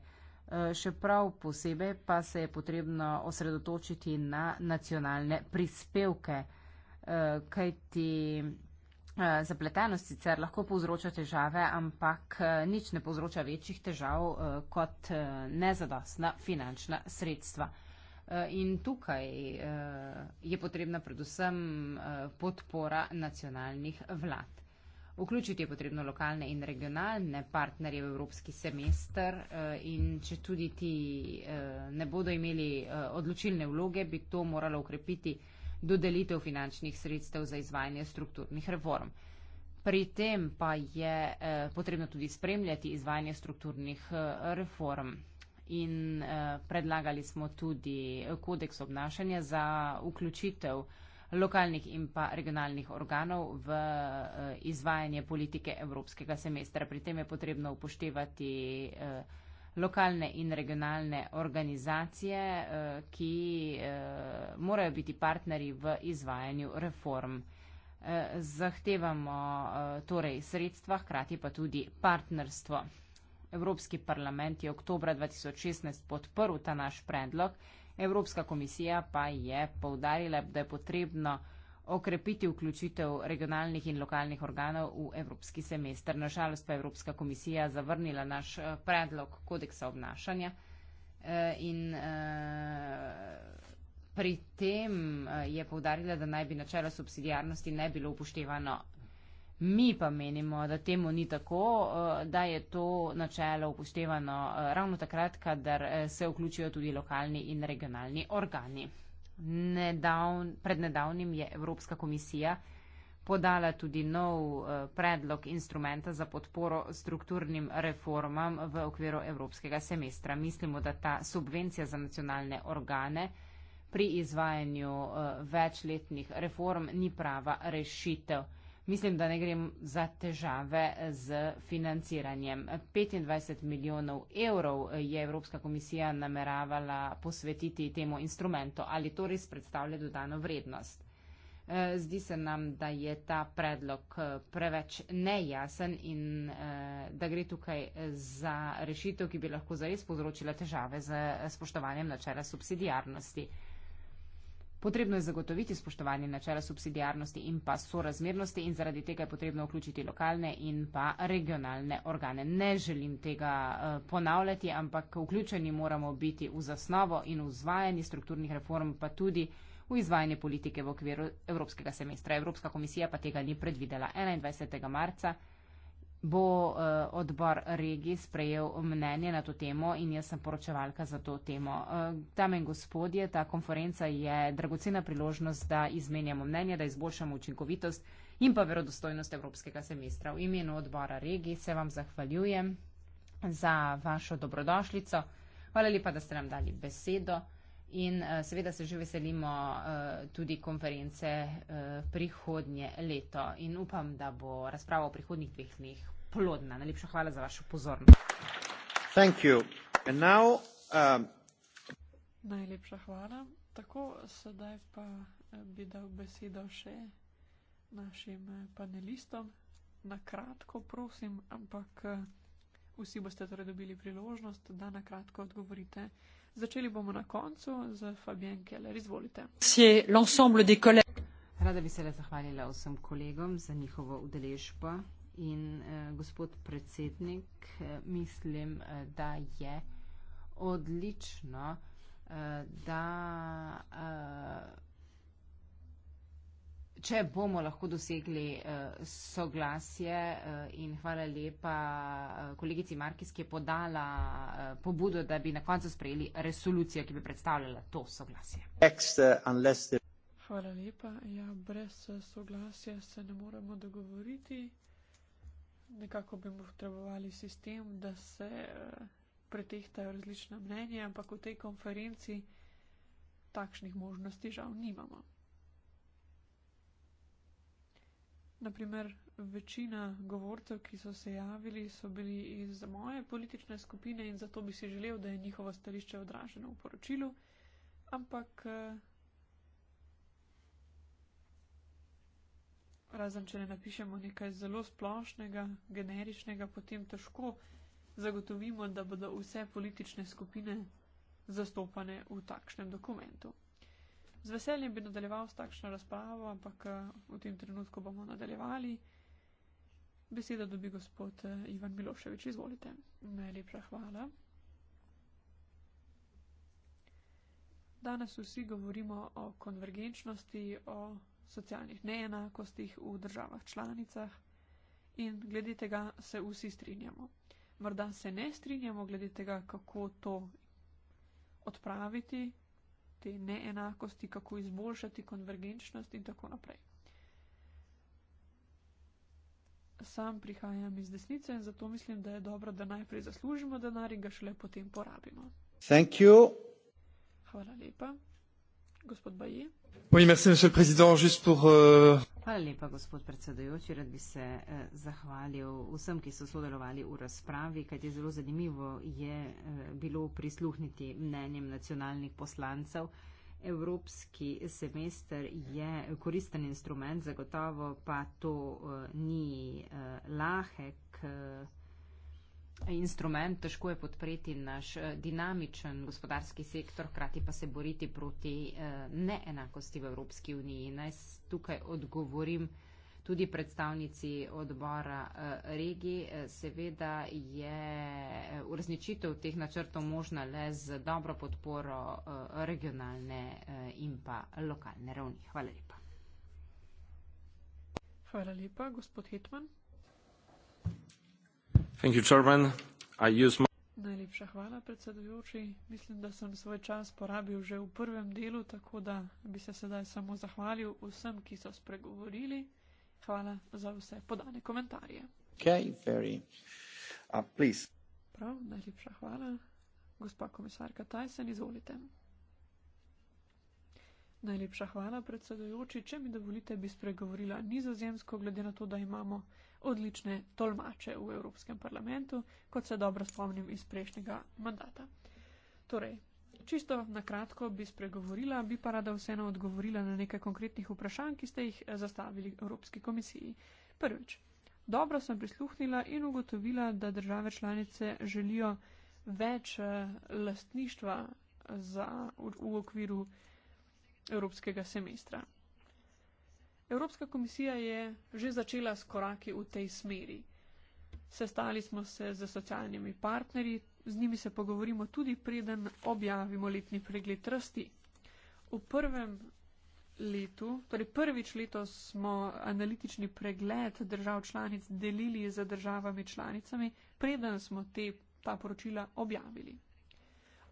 Eh, še prav posebej pa se je potrebno osredotočiti na nacionalne prispevke, eh, kaj ti eh, zapletenost sicer lahko povzroča težave, ampak nič ne povzroča večjih težav kot nezadostna finančna sredstva. In tukaj je potrebna predvsem podpora nacionalnih vlad. Vključiti je potrebno lokalne in regionalne partnerje v evropski semester eh, in če tudi ti eh, ne bodo imeli eh, odločilne vloge, bi to moralo ukrepiti dodelitev finančnih sredstev za izvajanje strukturnih reform. Pri tem pa je potrebno tudi spremljati izvajanje strukturnih reform. In eh, predlagali smo tudi kodeks obnašanja za vključitev eh, lokalnih in pa regionalnih organov v eh, izvajanje politike evropskega semestra. Pri tem je potrebno upoštevati eh, lokalne in regionalne organizacije, eh, ki morajo biti partneri v izvajanju reform. Zahtevamo torej sredstva, hkrati pa tudi partnerstvo. Evropski parlament je oktober 2016 podprl ta naš predlog. Evropska komisija pa je povdarila, da je potrebno okrepiti vključitev regionalnih in lokalnih organov v evropski semester. Nažalost pa je Evropska komisija zavrnila naš eh, predlog kodeksa obnašanja eh, in eh, pri tem je povdarila, da naj bi načelo subsidijarnosti ne bilo upoštevano Mi pa menimo, da temu ni tako, eh, da je to načelo upoštevano eh, ravno takrat, kadar eh, se vključijo tudi lokalni in regionalni organi. Nedavn, pred nedavnim je Evropska komisija podala tudi nov predlog instrumenta za podporo strukturnim reformam v okviru Evropskega semestra. Mislimo, da ta subvencija za nacionalne organe pri izvajanju večletnih reform ni prava rešitev mislim, da ne grem za težave z financiranjem. 25 milijonov evrov je Evropska komisija nameravala posvetiti temu instrumentu. Ali to res predstavlja dodano vrednost? Eh, zdi se nam, da je ta predlog eh, preveč nejasen in eh, da gre tukaj za rešitev, ki bi lahko zares povzročila težave z spoštovanjem načela subsidijarnosti. Potrebno je zagotoviti spoštovanje načela subsidijarnosti in pa sorazmernosti in zaradi tega je potrebno vključiti lokalne in pa regionalne organe. Ne želim tega eh, ponavljati, ampak vključeni moramo biti v zasnovo in v izvajanje strukturnih reform, pa tudi v izvajanje politike v okviru evropskega semestra. Evropska komisija pa tega ni predvidela 21. marca bo eh, odbor regi sprejel mnenje na to temo in jaz sem poročevalka za to temo. Tam eh, in gospodje, ta konferenca je dragocena priložnost, da izmenjamo mnenje, da izboljšamo učinkovitost in pa verodostojnost Evropskega semestra. V imenu odbora regi se vam zahvaljujem za vašo dobrodošlico. Hvala lepa, da ste nam dali besedo. In eh, seveda se že veselimo tudi konference prihodnje leto in upam, da bo razprava v prihodnjih dveh dneh plodna. Najlepša hvala za vašo pozornost. Thank you. And now, um... Najlepša hvala. Tako, sedaj pa eh, bi dal besedo še našim eh, panelistom. Na kratko, prosim, ampak eh, vsi boste torej dobili priložnost, da na kratko odgovorite. Začeli bomo na koncu z Fabien Keller. Izvolite. Rada bi se le zahvalila vsem kolegom za njihovo udeležbo in eh, gospod predsednik, eh, mislim, eh, da je odlično, eh, da eh, če bomo lahko dosegli eh, soglasje eh, in hvala lepa eh, kolegici Markis, ki je podala eh, pobudo, da bi na koncu sprejeli resolucijo, ki bi predstavljala to soglasje. Eh, hvala lepa. Ja, brez eh, soglasja se ne moremo dogovoriti nekako bi potrebovali sistem, da se eh, pretehtajo različna mnenja, ampak v tej konferenci takšnih možnosti žal nimamo. Naprimer, večina govorcev, ki so se javili, so bili iz moje politične skupine in zato bi si želel, da je njihovo stališče odraženo v poročilu, ampak eh, razen če ne napišemo nekaj zelo splošnega, generičnega, potem težko zagotovimo, da bodo vse politične skupine zastopane v takšnem dokumentu. Z veseljem bi nadaljeval s takšno razpravo, ampak v tem trenutku bomo nadaljevali. Beseda dobi gospod Ivan Miloševič, izvolite. Najlepša hvala. Danes vsi govorimo o konvergenčnosti, o socialnih neenakostih v državah članicah in glede tega se vsi strinjamo. Morda se ne strinjamo glede tega, kako to odpraviti, te neenakosti, kako izboljšati konvergenčnost in tako naprej. Sam prihajam iz desnice in zato mislim, da je dobro, da najprej zaslužimo denar in ga šele potem porabimo. Thank you. Hvala lepa. Gospod Bajje. Oui, merci, monsieur le président. Juste pour. Euh... Hvala lepa, gospod predsedujoči. Rad bi se eh, zahvalil vsem, ki so sodelovali v razpravi, kajti zelo zanimivo je eh, bilo prisluhniti mnenjem nacionalnih poslancev. Evropski semester je koristen instrument, zagotovo pa to eh, ni eh, lahek. Eh, instrument, težko je podpreti naš eh, dinamičen gospodarski sektor, hkrati pa se boriti proti eh, neenakosti v Evropski uniji. Naj tukaj odgovorim tudi predstavnici odbora eh, regij. Seveda je uresničitev teh načrtov možna le z dobro podporo regionalne in pa lokalne ravni. Hvala lepa. Hvala lepa, gospod Hetman. Thank you, Chairman. I use my... Najlepša hvala, predsedujoči. Mislim, da sem svoj čas porabil že v prvem delu, tako da bi se sedaj samo zahvalil vsem, ki so spregovorili. Hvala za vse podane komentarje. Okay, very. Uh, please. Prav, najlepša hvala. Gospa komisarka Tyson, izvolite. Najlepša hvala, predsedujoči. Če mi dovolite, bi spregovorila nizozemsko, glede na to, da imamo odlične tolmače v Evropskem parlamentu, kot se dobro spomnim iz prejšnjega mandata. Torej, čisto na kratko bi spregovorila, bi pa rada vseeno odgovorila na nekaj konkretnih vprašanj, ki ste jih eh, zastavili Evropski komisiji. Prvič, dobro sem prisluhnila in ugotovila, da države članice želijo več eh, lastništva za, v, v okviru Evropskega semestra. Evropska komisija je že začela s koraki v tej smeri. Sestali smo se z socialnimi partnerji, z njimi se pogovorimo tudi preden objavimo letni pregled rasti. V prvem letu, torej prvič letos smo analitični pregled držav članic delili z državami članicami, preden smo te, ta poročila objavili.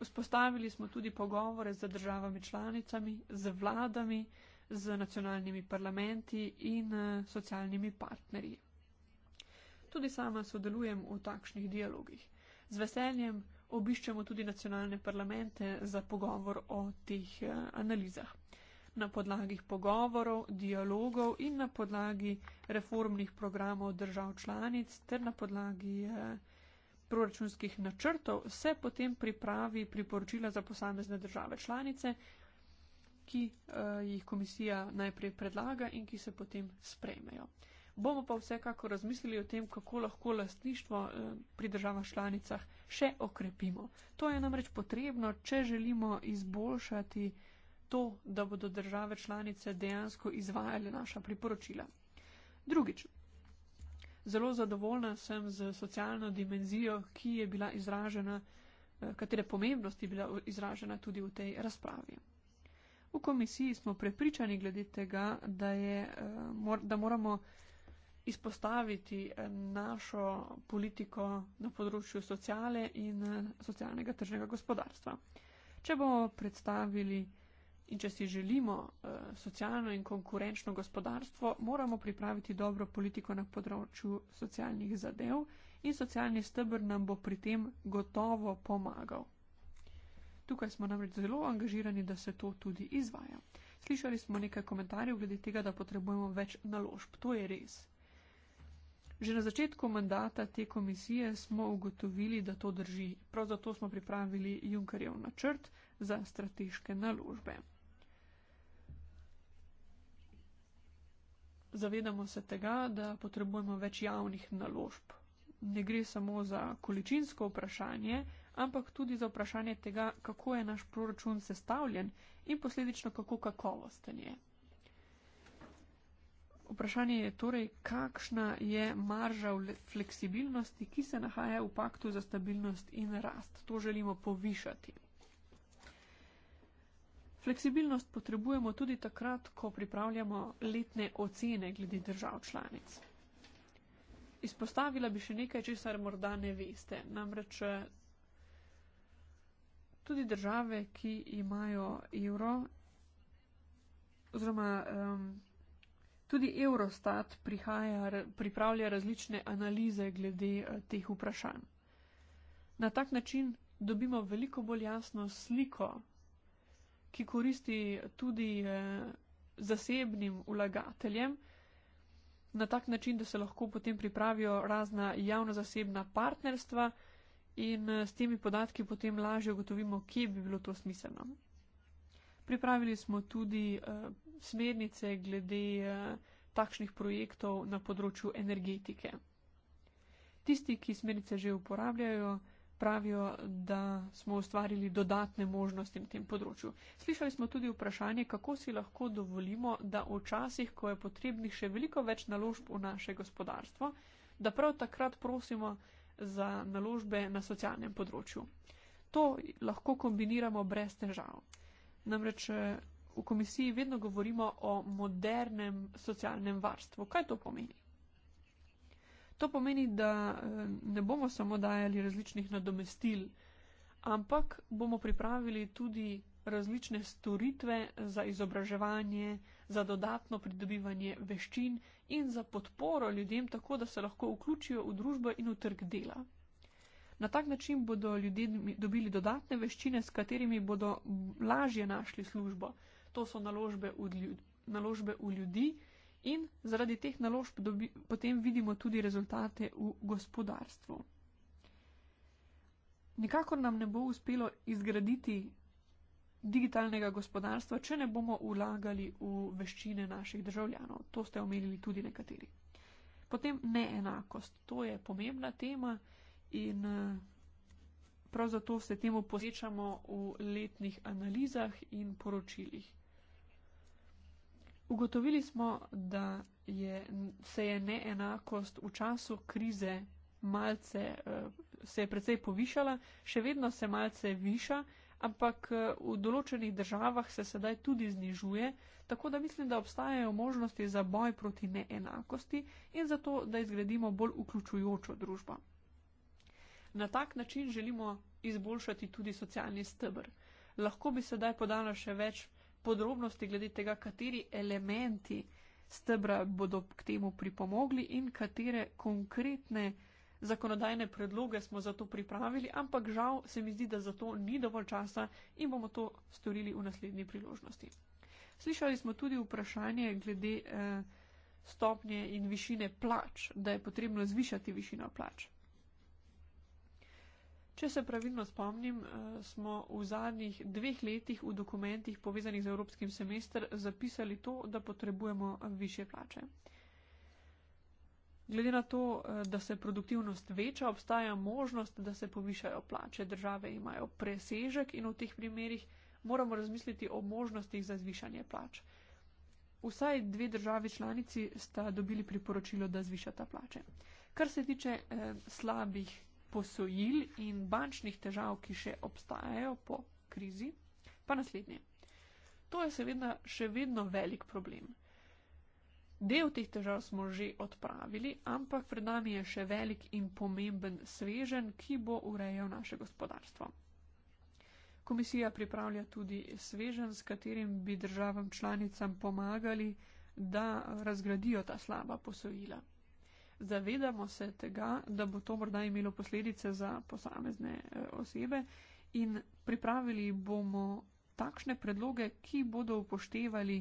Vzpostavili smo tudi pogovore z državami članicami, z vladami, z nacionalnimi parlamenti in eh, socialnimi partnerji. Tudi sama sodelujem v takšnih dialogih. Z veseljem obiščemo tudi nacionalne parlamente za pogovor o teh eh, analizah. Na podlagi pogovorov, dialogov in na podlagi reformnih programov držav članic ter na podlagi eh, proračunskih načrtov se potem pripravi priporočila za posamezne države članice, ki uh, jih komisija najprej predlaga in ki se potem sprejmejo. Bomo pa vsekako razmislili o tem, kako lahko lastništvo eh, pri državah članicah še okrepimo. To je namreč potrebno, če želimo izboljšati to, da bodo države članice dejansko izvajale naša priporočila. Drugič, zelo zadovoljna sem z socialno dimenzijo, ki je bila izražena, eh, katere pomembnost je bila izražena tudi v tej razpravi. V komisiji smo prepričani glede tega, da, je, eh, da moramo izpostaviti eh, našo politiko na področju sociale in eh, socialnega tržnega gospodarstva. Če bomo predstavili in če si želimo socialno in konkurenčno gospodarstvo, moramo pripraviti dobro politiko na področju socialnih zadev in socialni stebr nam bo pri tem gotovo pomagal. Tukaj smo namreč zelo angažirani, da se to tudi izvaja. Slišali smo nekaj komentarjev glede tega, da potrebujemo več naložb. To je res. Že na začetku mandata te komisije smo ugotovili, da to drži. Prav zato smo pripravili Junkerjev načrt za strateške naložbe. Zavedamo se tega, da potrebujemo več javnih naložb. Ne gre samo za količinsko vprašanje, ampak tudi za vprašanje tega, kako je naš proračun sestavljen in posledično, kako kakovosten je. Vprašanje je torej, kakšna je marža v fleksibilnosti, ki se nahaja v paktu za stabilnost in rast. To želimo povišati. Fleksibilnost potrebujemo tudi takrat, ko pripravljamo letne ocene glede držav članic. Izpostavila bi še nekaj, česar morda ne veste. Namreč tudi države, ki imajo evro, oziroma um, tudi Eurostat prihaja, pripravlja različne analize glede uh, teh vprašanj. Na tak način dobimo veliko bolj jasno sliko, ki koristi tudi uh, zasebnim ulagateljem, na tak način, da se lahko potem pripravijo razna javno-zasebna partnerstva, in eh, s temi podatki potem lažje ugotovimo, kje bi bilo to smiselno. Pripravili smo tudi uh, smernice glede uh, takšnih projektov na področju energetike. Tisti, ki smernice že uporabljajo, pravijo, da smo ustvarili dodatne možnosti na tem področju. Slišali smo tudi vprašanje, kako si lahko dovolimo, da v časih, ko je potrebnih še veliko več naložb v naše gospodarstvo, da prav takrat prosimo, za naložbe na socialnem področju. To lahko kombiniramo brez težav. Namreč eh, v komisiji vedno govorimo o modernem socialnem varstvu. Kaj to pomeni? To pomeni, da eh, ne bomo samo dajali različnih nadomestil, ampak bomo pripravili tudi različne storitve za izobraževanje, za dodatno pridobivanje veščin in za podporo ljudem, tako da se lahko vključijo v družbo in v trg dela. Na tak način bodo ljudje dobili dodatne veščine, s katerimi bodo lažje našli službo. To so naložbe v ljudi, naložbe v ljudi in zaradi teh naložb dobi, potem vidimo tudi rezultate v gospodarstvu. Nikakor nam ne bo uspelo izgraditi digitalnega gospodarstva, če ne bomo ulagali v veščine naših državljanov. To ste omenili tudi nekateri. Potem neenakost. To je pomembna tema in eh, prav zato se temu posvečamo v letnih analizah in poročilih. Ugotovili smo, da je, se je neenakost v času krize malce, eh, se je precej povišala, še vedno se malce viša ampak eh, v določenih državah se sedaj tudi znižuje, tako da mislim, da obstajajo možnosti za boj proti neenakosti in zato, da izgradimo bolj vključujočo družbo. Na tak način želimo izboljšati tudi socialni stebr. Lahko bi sedaj podala še več podrobnosti glede tega, kateri elementi stebra bodo k temu pripomogli in katere konkretne eh, Zakonodajne predloge smo zato pripravili, ampak žal se mi zdi, da za to ni dovolj časa in bomo to storili v naslednji priložnosti. Slišali smo tudi vprašanje glede eh, stopnje in višine plač, da je potrebno zvišati višino plač. Če se pravilno spomnim, eh, smo v zadnjih dveh letih v dokumentih povezanih z Evropskim semestrom zapisali to, da potrebujemo više plače. Glede na to, eh, da se produktivnost veča, obstaja možnost, da se povišajo plače, države imajo presežek in v teh primerjih moramo razmisliti o možnostih za zvišanje plač. Vsaj dve državi članici sta dobili priporočilo, da zvišata plače. Kar se tiče eh, slabih posojil in bančnih težav, ki še obstajajo po krizi, pa naslednje. To je seveda še vedno velik problem. Del teh težav smo že odpravili, ampak pred nami je še velik in pomemben svežen, ki bo urejal naše gospodarstvo. Komisija pripravlja tudi svežen, s katerim bi državam članicam pomagali, da razgradijo ta slaba posojila. Zavedamo se tega, da bo to morda imelo posledice za posamezne eh, osebe in pripravili bomo takšne predloge, ki bodo upoštevali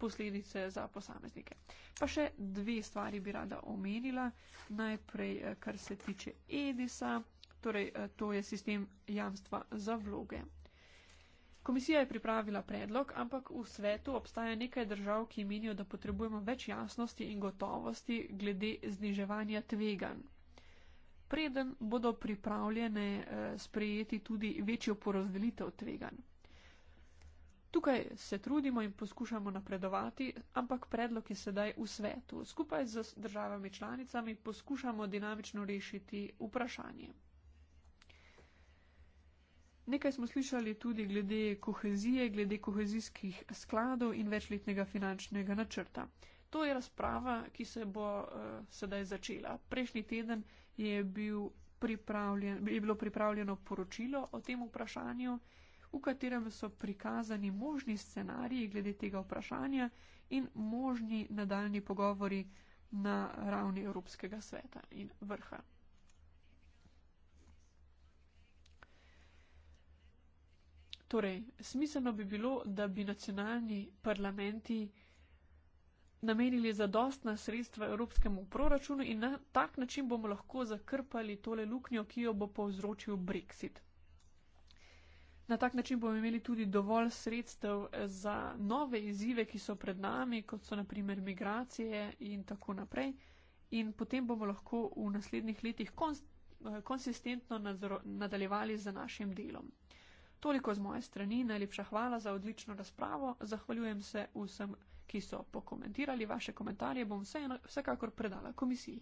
posledice za posameznike. Pa še dve stvari bi rada omenila. Najprej, eh, kar se tiče EDIS-a, torej eh, to je sistem jamstva za vloge. Komisija je pripravila predlog, ampak v svetu obstaja nekaj držav, ki menijo, da potrebujemo več jasnosti in gotovosti glede zniževanja tvegan. Preden bodo pripravljene eh, sprejeti tudi večjo porazdelitev tvegan. Tukaj se trudimo in poskušamo napredovati, ampak predlog je sedaj v svetu. Skupaj z državami članicami poskušamo dinamično rešiti vprašanje. Nekaj smo slišali tudi glede kohezije, glede kohezijskih skladov in večletnega finančnega načrta. To je razprava, ki se bo uh, sedaj začela. Prejšnji teden je, bil pripravljen, je bilo pripravljeno poročilo o tem vprašanju. Uh, v katerem so prikazani možni scenariji glede tega vprašanja in možni nadaljni pogovori na ravni Evropskega sveta in vrha. Torej, smiselno bi bilo, da bi nacionalni parlamenti namenili zadostna sredstva evropskemu proračunu in na tak način bomo lahko zakrpali tole luknjo, ki jo bo povzročil Brexit. Na tak način bomo imeli tudi dovolj sredstev za nove izzive, ki so pred nami, kot so naprimer migracije in tako naprej. In potem bomo lahko v naslednjih letih konsistentno nadaljevali z našim delom. Toliko z moje strani, najlepša hvala za odlično razpravo, zahvaljujem se vsem, ki so pokomentirali vaše komentarje, bom vse, vsekakor predala komisiji.